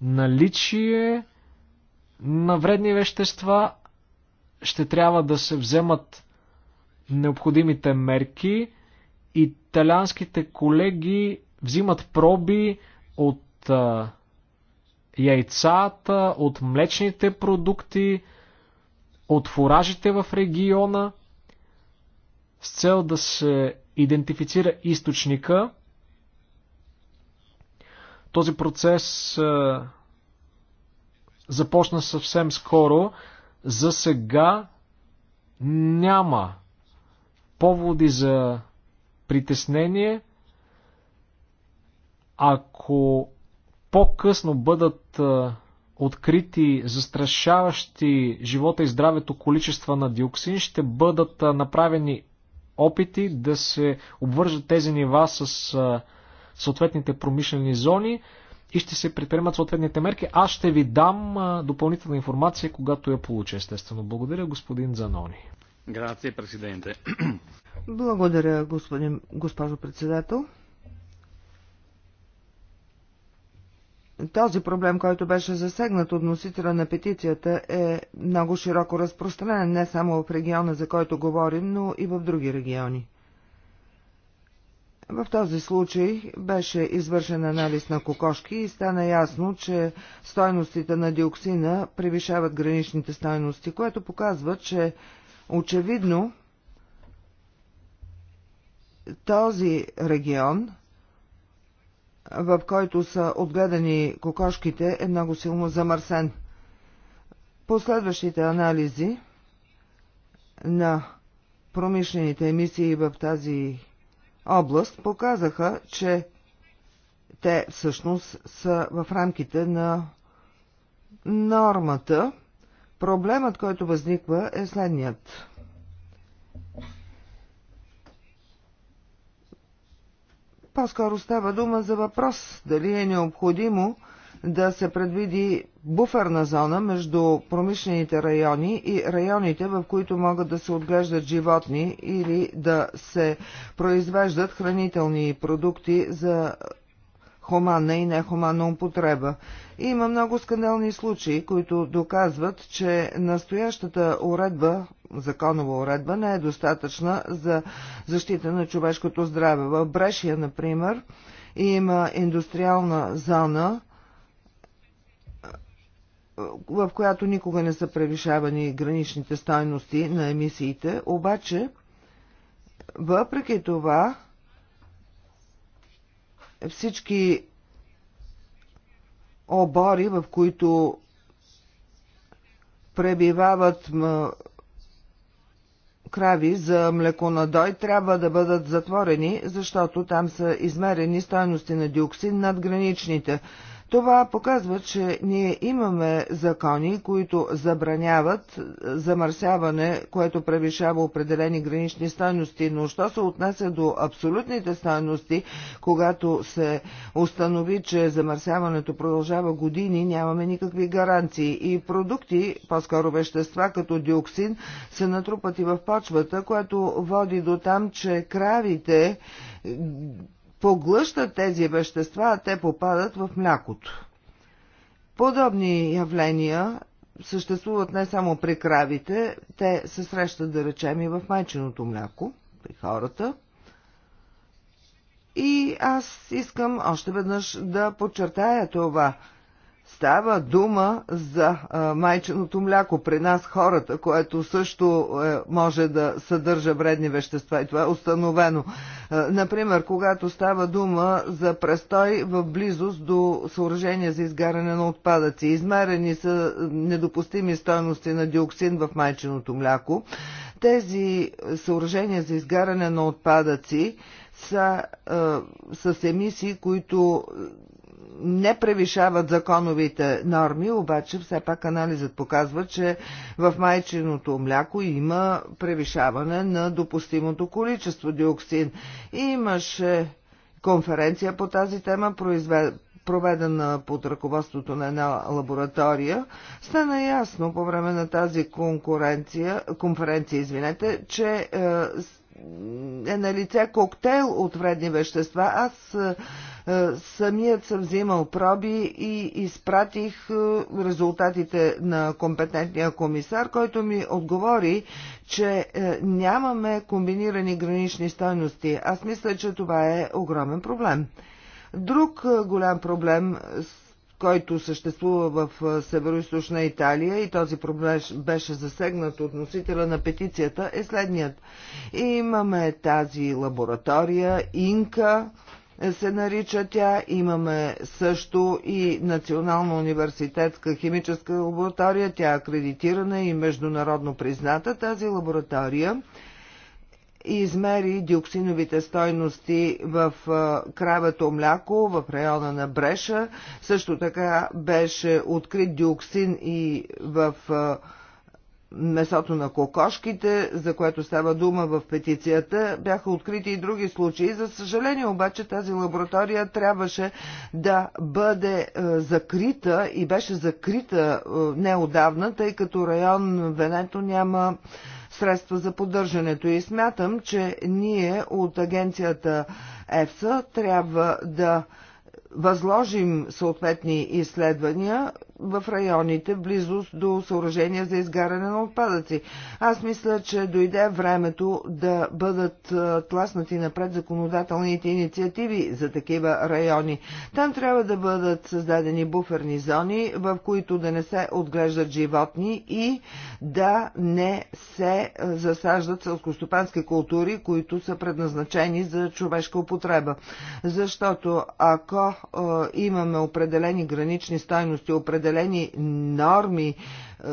наличие на вредни вещества, ще трябва да се вземат необходимите мерки. Италианските колеги взимат проби от а, яйцата, от млечните продукти, от фуражите в региона, с цел да се идентифицира източника. Този процес е, започна съвсем скоро. За сега няма поводи за притеснение. Ако по-късно бъдат открити застрашаващи живота и здравето количества на диоксин, ще бъдат направени опити да се обвържат тези нива с съответните промишлени зони и ще се предприемат съответните мерки. Аз ще ви дам допълнителна информация, когато я получа, естествено. Благодаря, господин Занони. Благодаря, господин, госпожо председател. Този проблем, който беше засегнат от носителя на петицията, е много широко разпространен не само в региона, за който говорим, но и в други региони. В този случай беше извършен анализ на кокошки и стана ясно, че стойностите на диоксина превишават граничните стойности, което показва, че очевидно този регион в който са отгледани кокошките, е много силно замърсен. Последващите анализи на промишлените емисии в тази област показаха, че те всъщност са в рамките на нормата. Проблемът, който възниква е следният. По-скоро става дума за въпрос дали е необходимо да се предвиди буферна зона между промишлените райони и районите, в които могат да се отглеждат животни или да се произвеждат хранителни продукти за хуманна и нехуманна употреба. И има много скандални случаи, които доказват, че настоящата уредба законова уредба не е достатъчна за защита на човешкото здраве. В Брешия, например, има индустриална зона, в която никога не са превишавани граничните стойности на емисиите, обаче, въпреки това, всички обори, в които пребивават крави за млеконадой трябва да бъдат затворени, защото там са измерени стойности на диоксин над граничните. Това показва, че ние имаме закони, които забраняват замърсяване, което превишава определени гранични стойности, но що се отнася до абсолютните стойности, когато се установи, че замърсяването продължава години, нямаме никакви гаранции. И продукти, по-скоро вещества, като диоксин, се натрупат и в почвата, което води до там, че кравите поглъщат тези вещества, а те попадат в млякото. Подобни явления съществуват не само при кравите, те се срещат, да речем, и в майченото мляко, при хората. И аз искам още веднъж да подчертая това – Става дума за майченото мляко при нас хората, което също е, може да съдържа вредни вещества и това е установено. Например, когато става дума за престой в близост до съоръжение за изгаряне на отпадъци, измерени са недопустими стойности на диоксин в майченото мляко, тези съоръжения за изгаряне на отпадъци са а, е, с емисии, които не превишават законовите норми, обаче все пак анализът показва, че в майченото мляко има превишаване на допустимото количество диоксин. И имаше конференция по тази тема, произвед проведена под ръководството на една лаборатория, стана ясно по време на тази конкуренция, конференция, извинете, че е, е на лице коктейл от вредни вещества. Аз е, е, самият съм взимал проби и изпратих е, резултатите на компетентния комисар, който ми отговори, че нямаме комбинирани гранични стойности. Аз мисля, че това е огромен проблем. Друг голям проблем, който съществува в Северо-Источна Италия и този проблем беше засегнат от носителя на петицията е следният. И имаме тази лаборатория, Инка, се нарича тя. Имаме също и Национална университетска химическа лаборатория. Тя е акредитирана и международно призната. Тази лаборатория измери диоксиновите стойности в кравето мляко в района на Бреша. Също така беше открит диоксин и в а, месото на кокошките, за което става дума в петицията, бяха открити и други случаи. За съжаление обаче тази лаборатория трябваше да бъде е, закрита и беше закрита е, неодавна, тъй като район Венето няма средства за поддържането и смятам, че ние от агенцията ЕФСА трябва да възложим съответни изследвания в районите, в близост до съоръжения за изгаряне на отпадъци. Аз мисля, че дойде времето да бъдат тласнати напред законодателните инициативи за такива райони. Там трябва да бъдат създадени буферни зони, в които да не се отглеждат животни и да не се засаждат селскостопански култури, които са предназначени за човешка употреба. Защото ако имаме определени гранични стойности, определени определени норми е,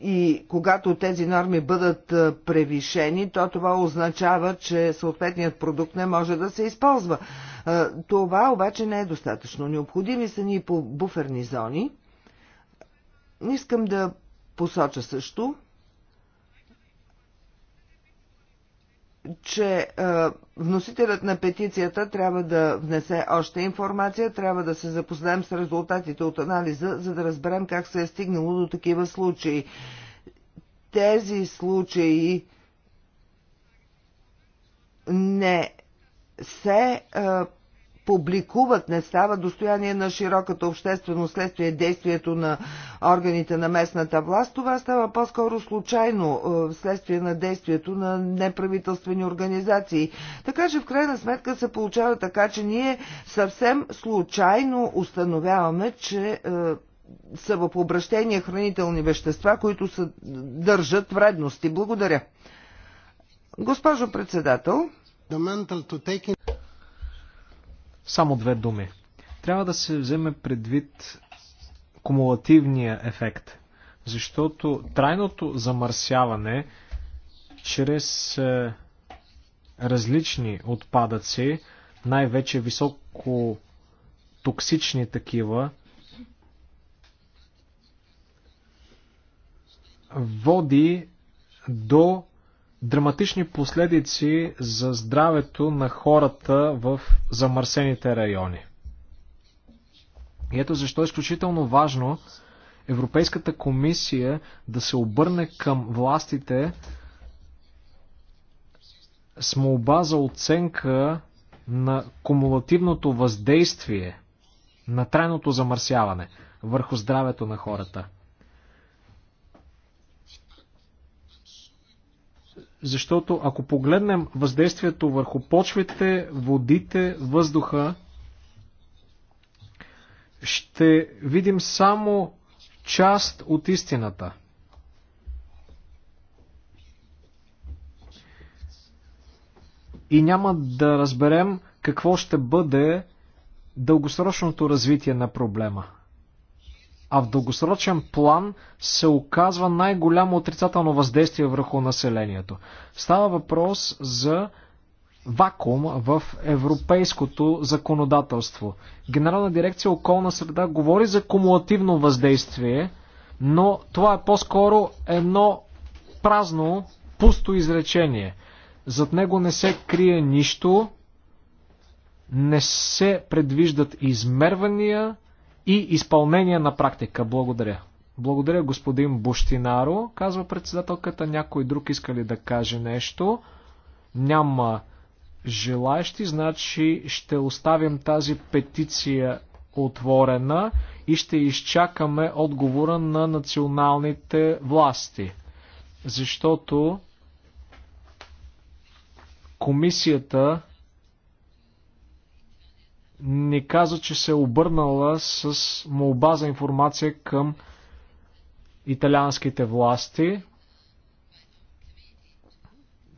и когато тези норми бъдат е, превишени, то това означава, че съответният продукт не може да се използва. Е, това обаче не е достатъчно. Необходими са ни по буферни зони. Искам да посоча също, че е, вносителят на петицията трябва да внесе още информация, трябва да се запознаем с резултатите от анализа, за да разберем как се е стигнало до такива случаи. Тези случаи не се е, публикуват, не става достояние на широката обществено следствие действието на органите на местната власт, това става по-скоро случайно е, следствие на действието на неправителствени организации. Така че в крайна сметка се получава така, че ние съвсем случайно установяваме, че е, са в обращение хранителни вещества, които са, държат вредности. Благодаря. Госпожо председател, само две думи. Трябва да се вземе предвид кумулативния ефект, защото трайното замърсяване чрез е, различни отпадъци, най-вече високо токсични такива, води до драматични последици за здравето на хората в замърсените райони. И ето защо е изключително важно Европейската комисия да се обърне към властите с молба за оценка на кумулативното въздействие на трайното замърсяване върху здравето на хората – защото ако погледнем въздействието върху почвите, водите, въздуха, ще видим само част от истината. И няма да разберем какво ще бъде дългосрочното развитие на проблема а в дългосрочен план се оказва най-голямо отрицателно въздействие върху населението. Става въпрос за вакуум в европейското законодателство. Генерална дирекция околна среда говори за кумулативно въздействие, но това е по-скоро едно празно, пусто изречение. Зад него не се крие нищо, не се предвиждат измервания, и изпълнение на практика. Благодаря. Благодаря господин Буштинаро, казва председателката. Някой друг иска ли да каже нещо? Няма желаещи, значи ще оставим тази петиция отворена и ще изчакаме отговора на националните власти. Защото комисията не каза, че се е обърнала с молба за информация към италианските власти.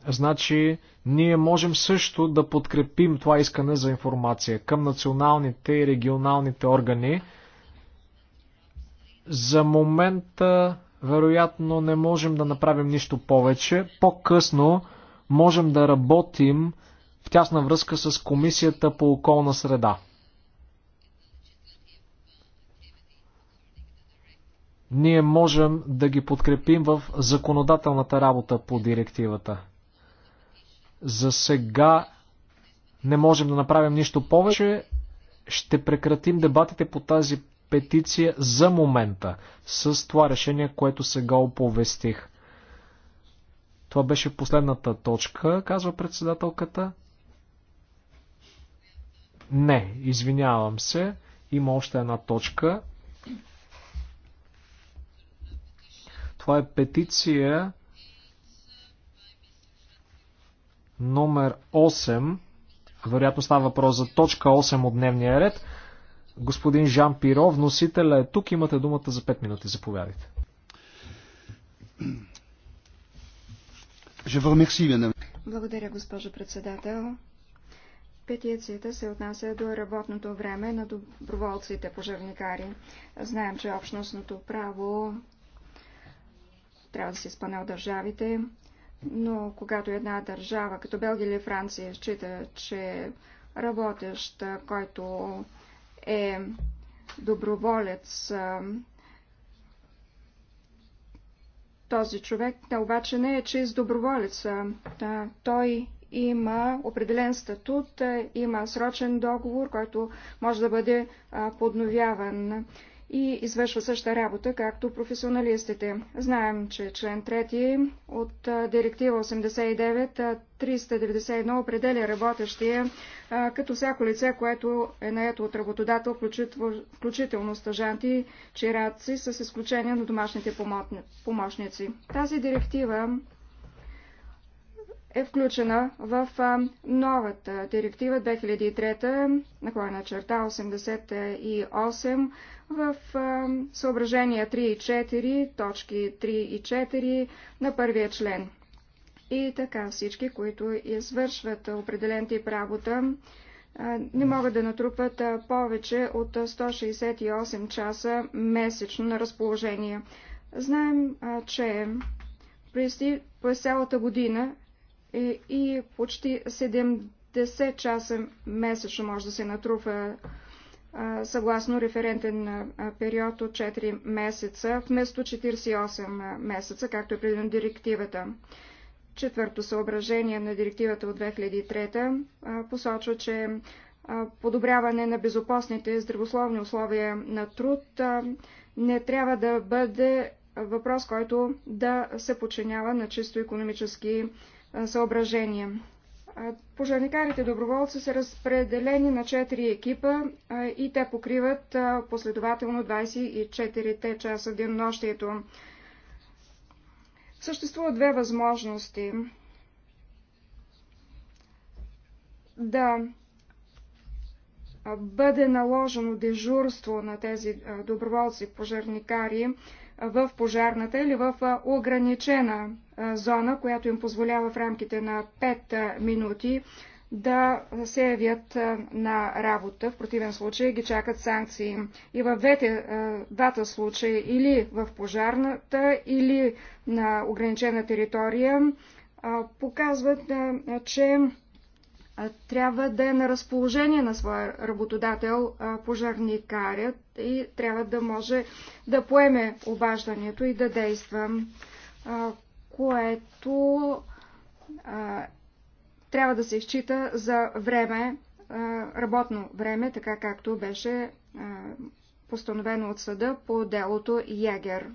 Значи, ние можем също да подкрепим това искане за информация към националните и регионалните органи. За момента, вероятно, не можем да направим нищо повече. По-късно можем да работим в тясна връзка с Комисията по околна среда. Ние можем да ги подкрепим в законодателната работа по директивата. За сега не можем да направим нищо повече. Ще прекратим дебатите по тази петиция за момента с това решение, което сега оповестих. Това беше последната точка, казва председателката. Не, извинявам се. Има още една точка. Това е петиция номер 8. Вероятно става въпрос за точка 8 от дневния ред. Господин Жан Пиро, вносителя е тук. Имате думата за 5 минути. Заповядайте. Благодаря, госпожо председател. Петицията се отнася до работното време на доброволците пожарникари. Знаем, че общностното право трябва да се изпълня от държавите, но когато една държава, като Белгия или Франция, счита, че работещ, който е доброволец, този човек обаче не е чист доброволец. Той има определен статут, е, има срочен договор, който може да бъде подновяван и извършва същата работа, както професионалистите. Знаем, че член 3 от Директива 89-391 определя работещия като всяко лице, което е наето от работодател, включително стъжанти, чираци, с изключение на домашните помощници. Тази директива е включена в новата директива 2003 на наклона черта 88 в съображения 3 и 4, точки 3 и 4 на първия член. И така всички, които извършват определен тип работа, не могат да натрупат повече от 168 часа месечно на разположение. Знаем, че през цялата година е, и почти 70 часа месечно може да се натрупа съгласно референтен период от 4 месеца, вместо 48 месеца, както е предвидено директивата. Четвърто съображение на директивата от 2003 посочва, че подобряване на безопасните и здравословни условия на труд не трябва да бъде въпрос, който да се подчинява на чисто економически съображения. Пожарникарите доброволци са разпределени на 4 екипа и те покриват последователно 24-те часа в денонощието. Съществуват две възможности. Да бъде наложено дежурство на тези доброволци пожарникари в пожарната или в ограничена зона, която им позволява в рамките на 5 минути да се явят на работа. В противен случай ги чакат санкции. И в двете, двата случая, или в пожарната, или на ограничена територия, показват, че трябва да е на разположение на своя работодател пожарникарят и трябва да може да поеме обаждането и да действа което а, трябва да се изчита за време, а, работно време, така както беше а, постановено от съда по делото Ягер.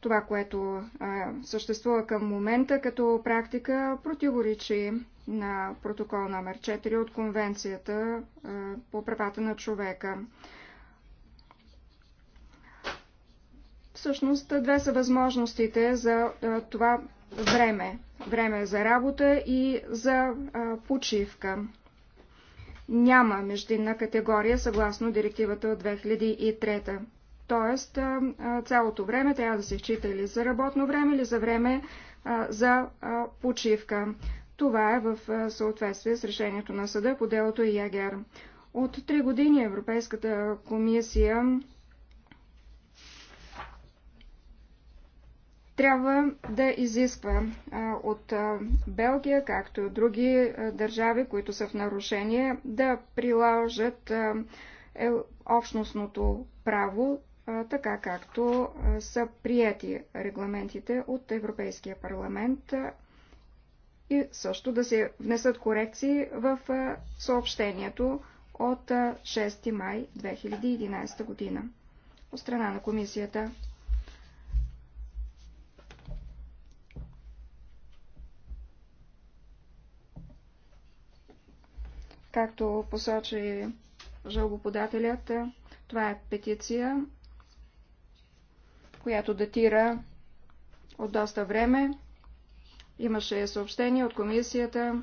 Това, което а, съществува към момента като практика, противоречи на протокол номер 4 от Конвенцията а, по правата на човека. Всъщност, две са възможностите за това време. Време за работа и за почивка. Няма междинна категория съгласно директивата от 2003. Тоест, цялото време трябва да се счита или за работно време, или за време за почивка. Това е в съответствие с решението на съда по делото ИАГЕР. От три години Европейската комисия трябва да изисква от Белгия, както и от други държави, които са в нарушение, да приложат е, общностното право, така както са прияти регламентите от Европейския парламент и също да се внесат корекции в съобщението от 6 май 2011 година от страна на комисията. Както посочи жалбоподателят, това е петиция, която датира от доста време. Имаше съобщение от комисията.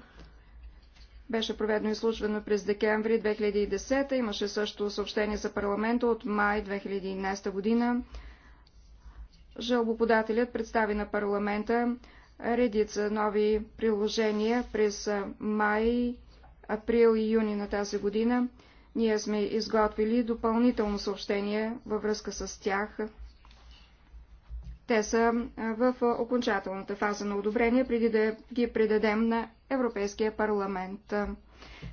Беше проведено изслушване през декември 2010. Имаше също съобщение за парламента от май 2011 година. Жълбоподателят представи на парламента редица нови приложения през май април и юни на тази година. Ние сме изготвили допълнително съобщение във връзка с тях. Те са в окончателната фаза на одобрение, преди да ги предадем на Европейския парламент.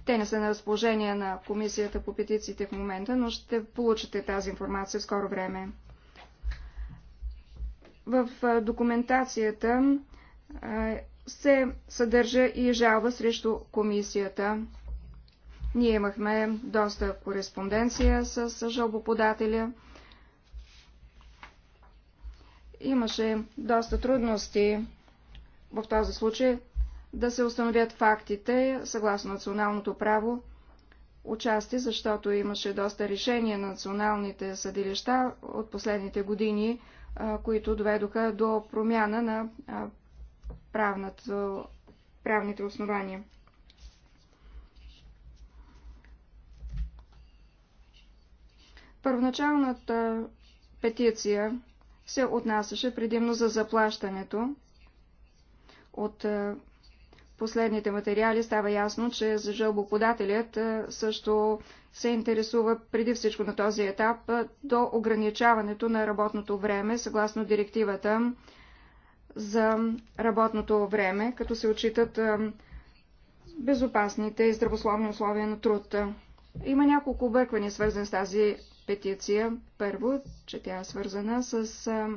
Те не са на разположение на Комисията по петициите в момента, но ще получите тази информация в скоро време. В документацията се съдържа и жалба срещу комисията. Ние имахме доста кореспонденция с жалбоподателя. Имаше доста трудности в този случай да се установят фактите съгласно националното право участие, защото имаше доста решения на националните съдилища от последните години, които доведоха до промяна на правната, правните основания. Първоначалната петиция се отнасяше предимно за заплащането. От е, последните материали става ясно, че за жълбоподателят е, също се интересува преди всичко на този етап е, до ограничаването на работното време, съгласно директивата за работното време, като се отчитат безопасните и здравословни условия на труд. Има няколко обърквания, свързани с тази петиция. Първо, че тя е свързана с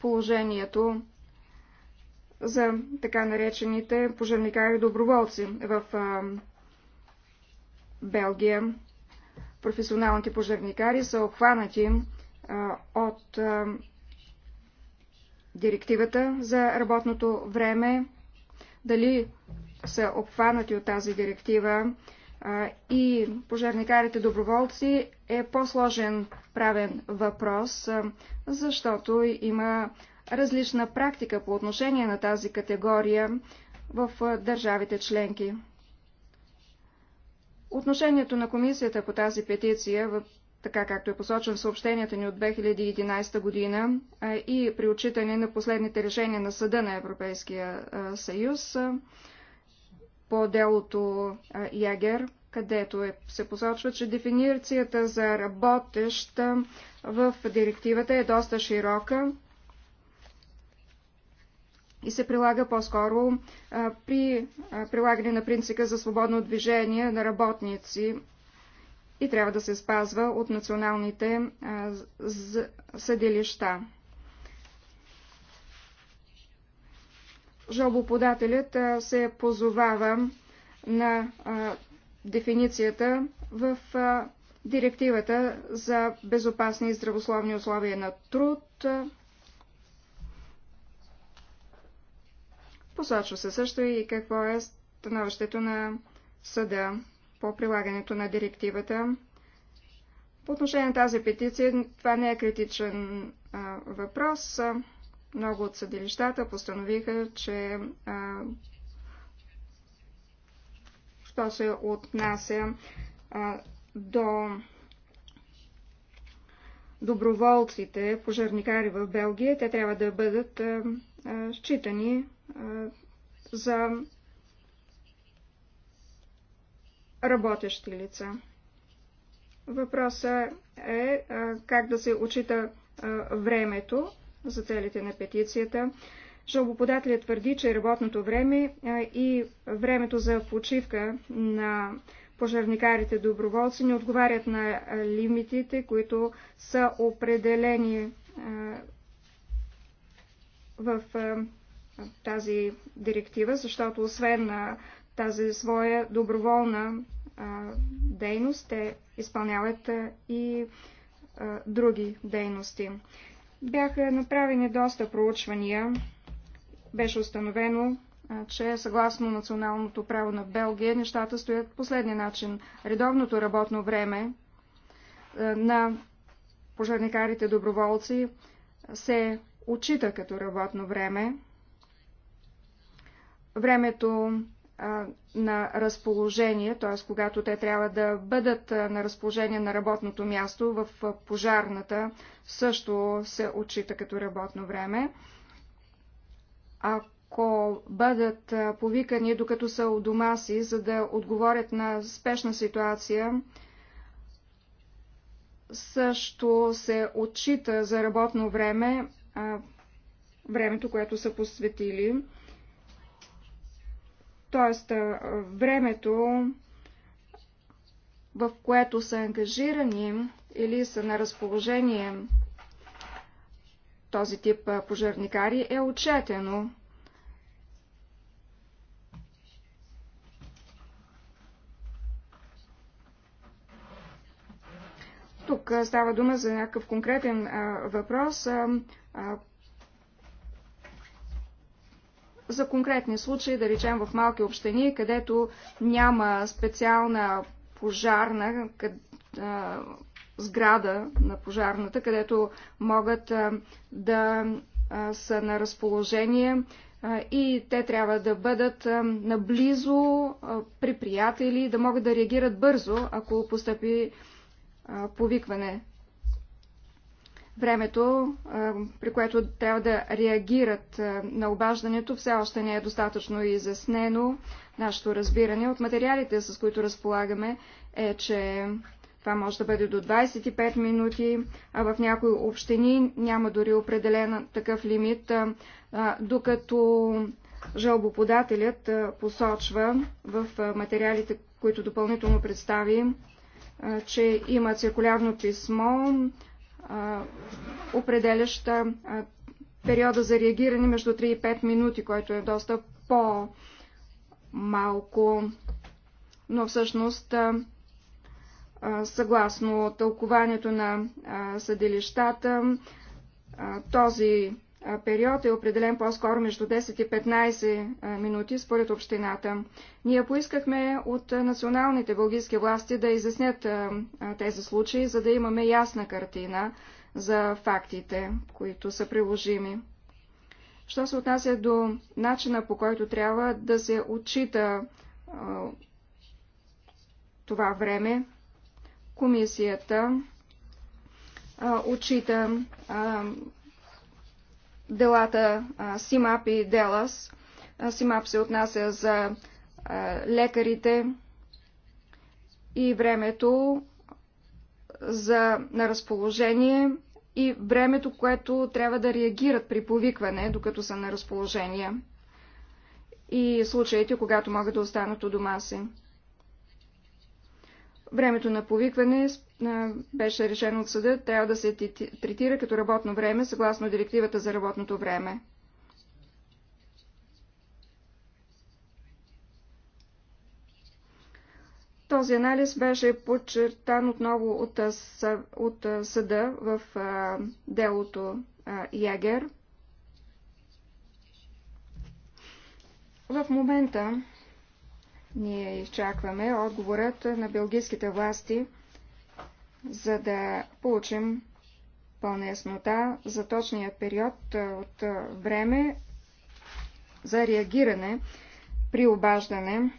положението за така наречените пожарникари доброволци в Белгия. Професионалните пожарникари са обхванати от директивата за работното време, дали са обхванати от тази директива и пожарникарите доброволци е по-сложен правен въпрос, защото има различна практика по отношение на тази категория в държавите членки. Отношението на комисията по тази петиция така както е посочен в съобщението ни от 2011 година и при отчитане на последните решения на Съда на Европейския съюз по делото Ягер, където е, се посочва, че дефиницията за работеща в директивата е доста широка и се прилага по-скоро при а, прилагане на принципа за свободно движение на работници и трябва да се спазва от националните съдилища. Жалбоподателят се позовава на дефиницията в директивата за безопасни и здравословни условия на труд. Посочва се също и какво е становището на съда по прилагането на директивата. По отношение на тази петиция, това не е критичен а, въпрос. Много от съдилищата постановиха, че а, що се отнася а, до доброволците, пожарникари в Белгия, те трябва да бъдат а, а, считани а, за работещи лица. Въпросът е как да се очита времето за целите на петицията. Жалбоподателят твърди, че работното време и времето за почивка на пожарникарите доброволци не отговарят на лимитите, които са определени в тази директива, защото освен на тази своя доброволна а, дейност. Те изпълняват а, и а, други дейности. Бяха направени доста проучвания. Беше установено, а, че съгласно националното право на Белгия, нещата стоят последния начин. Редовното работно време а, на пожарникарите доброволци се отчита като работно време. Времето на разположение, т.е. когато те трябва да бъдат на разположение на работното място, в пожарната също се отчита като работно време. Ако бъдат повикани докато са у дома си, за да отговорят на спешна ситуация, също се отчита за работно време времето, което са посветили Тоест, времето, в което са ангажирани или са на разположение този тип пожарникари, е отчетено. Тук става дума за някакъв конкретен а, въпрос, а, а, за конкретни случаи, да речем в малки общини, където няма специална пожарна къд, а, сграда на пожарната, където могат а, да а, са на разположение а, и те трябва да бъдат а, наблизо а, при приятели, да могат да реагират бързо, ако постъпи а, повикване времето, при което трябва да реагират на обаждането, все още не е достатъчно изяснено. Нашето разбиране от материалите, с които разполагаме, е, че това може да бъде до 25 минути, а в някои общини няма дори определен такъв лимит, докато жалбоподателят посочва в материалите, които допълнително представи, че има циркулярно писмо, определяща периода за реагиране между 3 и 5 минути, който е доста по-малко. Но всъщност, съгласно тълкованието на съдилищата, този период е определен по-скоро между 10 и 15 минути според общината. Ние поискахме от националните бългийски власти да изяснят тези случаи, за да имаме ясна картина за фактите, които са приложими. Що се отнася до начина по който трябва да се отчита това време, комисията а, отчита а, делата СИМАП и ДЕЛАС. СИМАП се отнася за лекарите и времето за, на разположение и времето, което трябва да реагират при повикване, докато са на разположение и случаите, когато могат да останат у дома си. Времето на повикване беше решено от съда, трябва да се третира като работно време, съгласно директивата за работното време. Този анализ беше подчертан отново от, от съда в делото ЕГЕР. Ягер. В момента ние изчакваме отговорът на белгийските власти, за да получим пълна яснота за точния период от време за реагиране при обаждане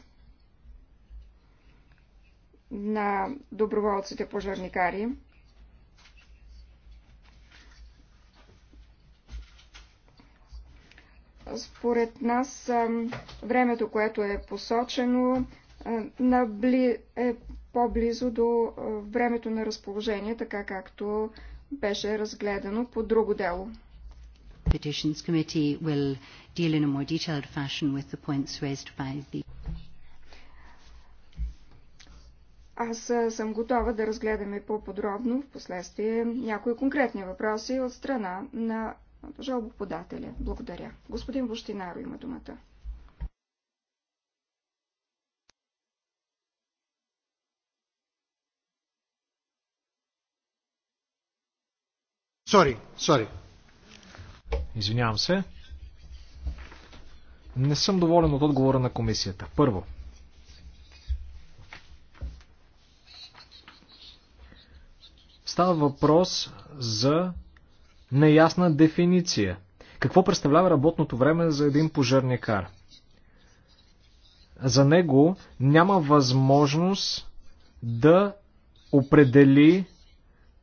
на доброволците пожарникари. Според нас времето, което е посочено, е по-близо до времето на разположение, така както беше разгледано по друго дело. Petitions Committee will deal in a more detailed fashion with the points raised by the Аз съм готова да разгледаме по-подробно в последствие някои конкретни въпроси от страна на жалбоподателя. Благодаря. Господин Бощинаро има думата. Сори, сори. Извинявам се. Не съм доволен от отговора на комисията. Първо. Става въпрос за неясна дефиниция. Какво представлява работното време за един пожарникар? За него няма възможност да определи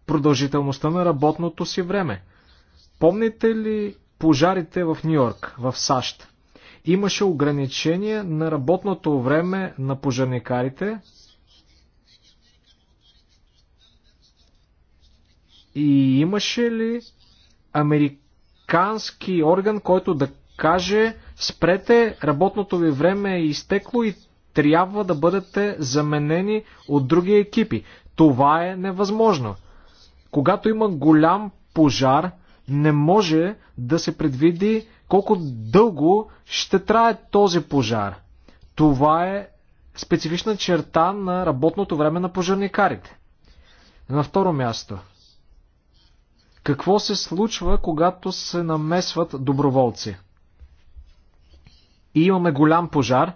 продължителността на работното си време. Помните ли пожарите в Нью Йорк, в САЩ? Имаше ограничение на работното време на пожарникарите. И имаше ли американски орган, който да каже спрете, работното ви време е изтекло и трябва да бъдете заменени от други екипи. Това е невъзможно. Когато има голям пожар, не може да се предвиди колко дълго ще трае този пожар. Това е специфична черта на работното време на пожарникарите. На второ място – какво се случва, когато се намесват доброволци? И имаме голям пожар.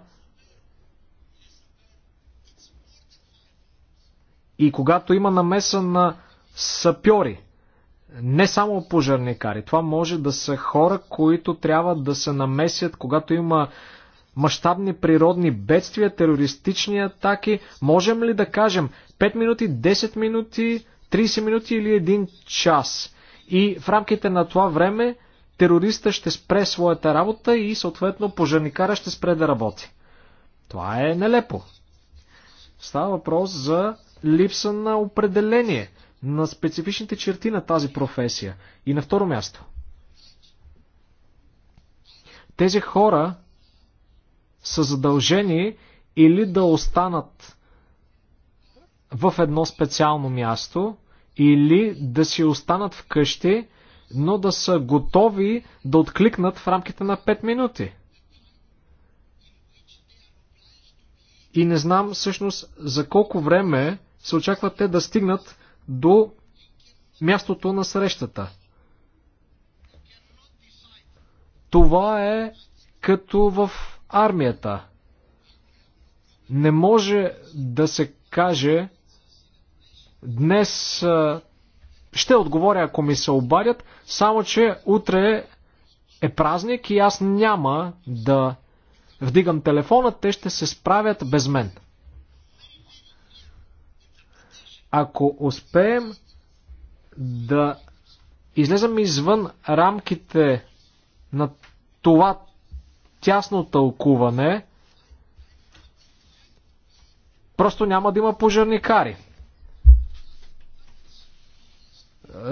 И когато има намеса на сапьори, не само пожарникари, това може да са хора, които трябва да се намесят, когато има мащабни природни бедствия, терористични атаки. Можем ли да кажем 5 минути, 10 минути, 30 минути или 1 час? И в рамките на това време терориста ще спре своята работа и съответно пожарникара ще спре да работи. Това е нелепо. Става въпрос за липса на определение на специфичните черти на тази професия. И на второ място. Тези хора са задължени или да останат в едно специално място – или да си останат вкъщи, но да са готови да откликнат в рамките на 5 минути. И не знам всъщност за колко време се очакват те да стигнат до мястото на срещата. Това е като в армията. Не може да се каже, Днес ще отговоря, ако ми се обадят, само че утре е празник и аз няма да вдигам телефона, те ще се справят без мен. Ако успеем да излезем извън рамките на това тясно тълкуване, просто няма да има пожарникари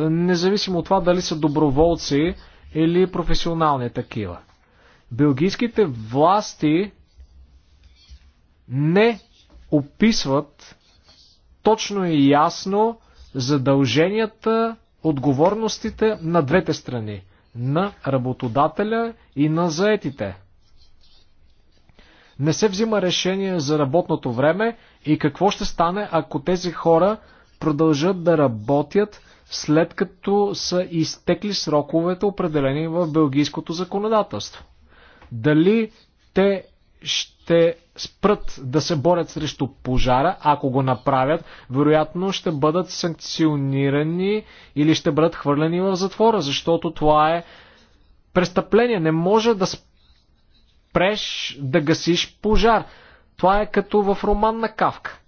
независимо от това дали са доброволци или професионални такива. Белгийските власти не описват точно и ясно задълженията, отговорностите на двете страни на работодателя и на заетите. Не се взима решение за работното време и какво ще стане, ако тези хора продължат да работят след като са изтекли сроковете, определени в белгийското законодателство. Дали те ще спрат да се борят срещу пожара, ако го направят, вероятно ще бъдат санкционирани или ще бъдат хвърлени в затвора, защото това е престъпление. Не може да спреш да гасиш пожар. Това е като в роман на Кавка.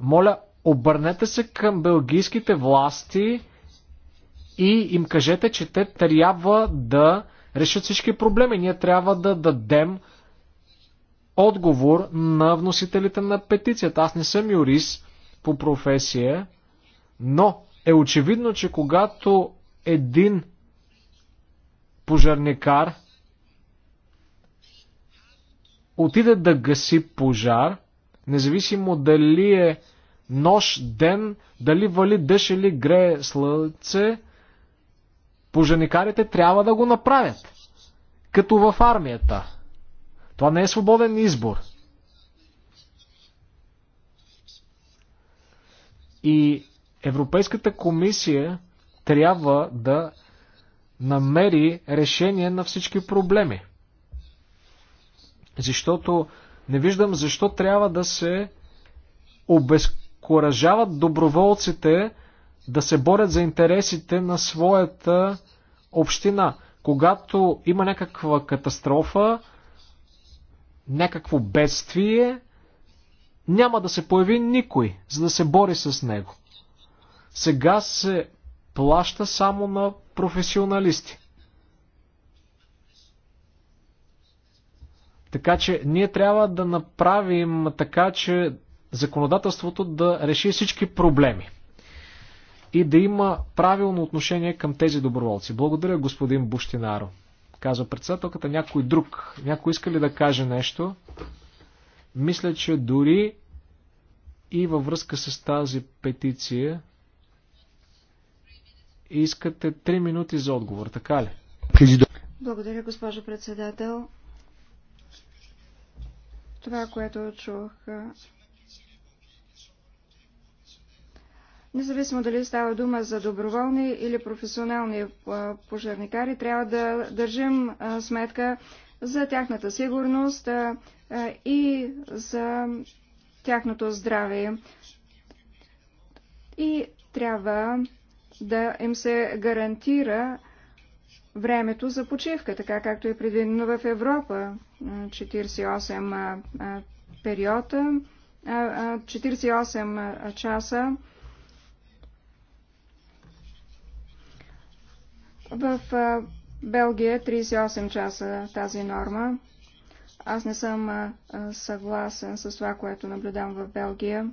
Моля, Обърнете се към белгийските власти и им кажете, че те трябва да решат всички проблеми. Ние трябва да дадем отговор на вносителите на петицията. Аз не съм юрист по професия, но е очевидно, че когато един пожарникар отиде да гаси пожар, независимо дали е нощ, ден, дали вали дъжд или грее слънце, поженикарите трябва да го направят. Като в армията. Това не е свободен избор. И Европейската комисия трябва да намери решение на всички проблеми. Защото не виждам защо трябва да се обезкуражат окоръжават доброволците да се борят за интересите на своята община. Когато има някаква катастрофа, някакво бедствие, няма да се появи никой, за да се бори с него. Сега се плаща само на професионалисти. Така че ние трябва да направим така, че законодателството да реши всички проблеми и да има правилно отношение към тези доброволци. Благодаря, господин Буштинаро. Казва председателката някой друг. Някой иска ли да каже нещо? Мисля, че дори и във връзка с тази петиция искате 3 минути за отговор, така ли? Благодаря, госпожо председател. Това, което чух Независимо дали става дума за доброволни или професионални пожарникари, трябва да държим сметка за тяхната сигурност и за тяхното здраве. И трябва да им се гарантира времето за почивка, така както е предвидено в Европа. 48 периода, 48 часа В Белгия 38 е часа тази норма. Аз не съм съгласен с това, което наблюдавам в Белгия.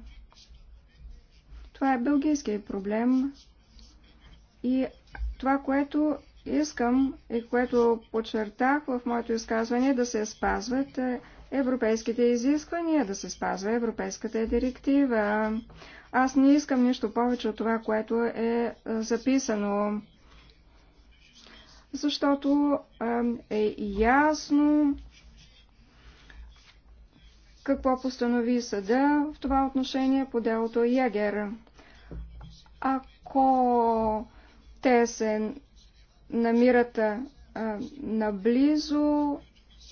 Това е белгийски проблем и това, което искам и което подчертах в моето изказване, е да се спазват е, европейските изисквания, да се спазва европейската директива. Аз не искам нищо повече от това, което е записано защото е ясно какво постанови съда в това отношение по делото Ягер. Ако те се намират а, наблизо,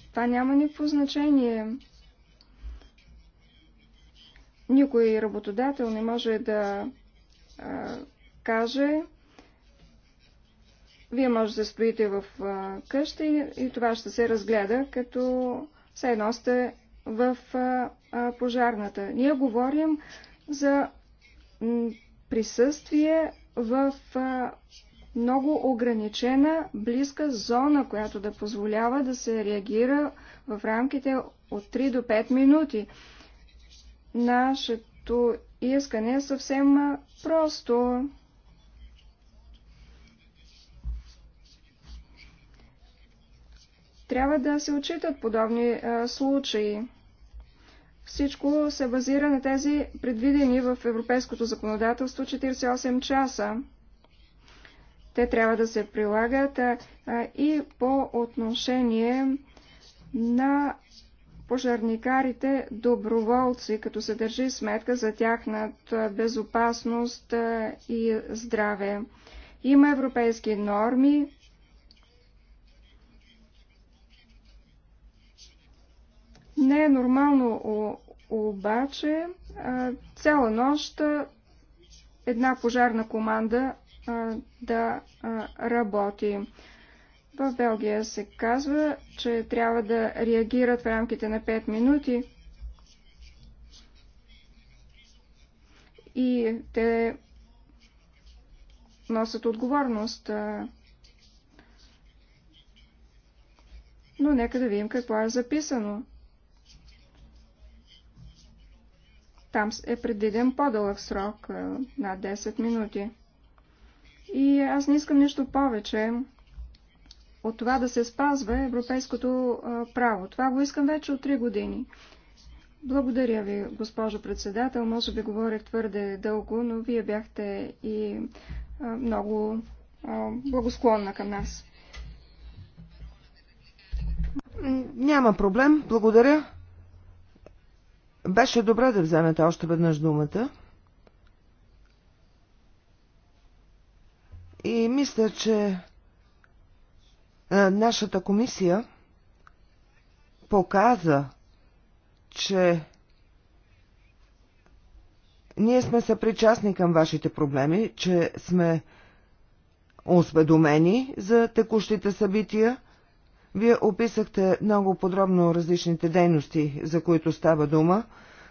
това няма никакво значение. Никой работодател не може да а, каже, вие може да стоите в къща и, и това ще се разгледа, като все едно сте в а, а, пожарната. Ние говорим за присъствие в а, много ограничена, близка зона, която да позволява да се реагира в рамките от 3 до 5 минути. Нашето искане е съвсем просто. Трябва да се отчитат подобни е, случаи. Всичко се базира на тези предвидени в европейското законодателство 48 часа. Те трябва да се прилагат а, е, и по отношение на пожарникарите доброволци, като се държи сметка за тяхната безопасност е, и здраве. Има европейски норми, Не е нормално обаче цяла нощ една пожарна команда да работи. В Белгия се казва, че трябва да реагират в рамките на 5 минути. И те носят отговорност. Но нека да видим какво е записано. Там е предвиден по-дълъг срок, е, на 10 минути. И аз не искам нищо повече от това да се спазва европейското е, право. Това го искам вече от 3 години. Благодаря ви, госпожо председател. Може би говорих твърде дълго, но вие бяхте и е, много благосклонна към нас. Няма проблем. Благодаря. Беше добре да вземете още веднъж думата. И мисля, че е, нашата комисия показа, че ние сме съпричастни към вашите проблеми, че сме осведомени за текущите събития вие описахте много подробно различните дейности, за които става дума,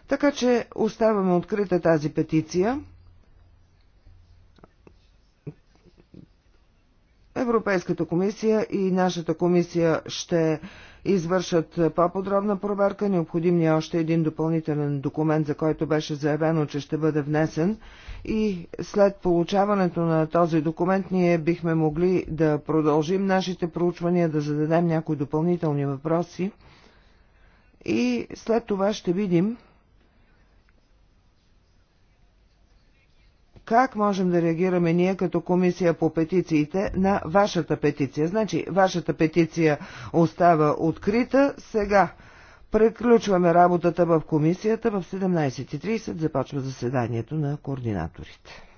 така че оставаме открита тази петиция. Европейската комисия и нашата комисия ще извършат е, по-подробна проверка. Необходим ни е още един допълнителен документ, за който беше заявено, че ще бъде внесен. И след получаването на този документ ние бихме могли да продължим нашите проучвания, да зададем някои допълнителни въпроси. И след това ще видим Как можем да реагираме ние като комисия по петициите на вашата петиция? Значи, вашата петиция остава открита. Сега преключваме работата в комисията. В 17.30 започва заседанието на координаторите.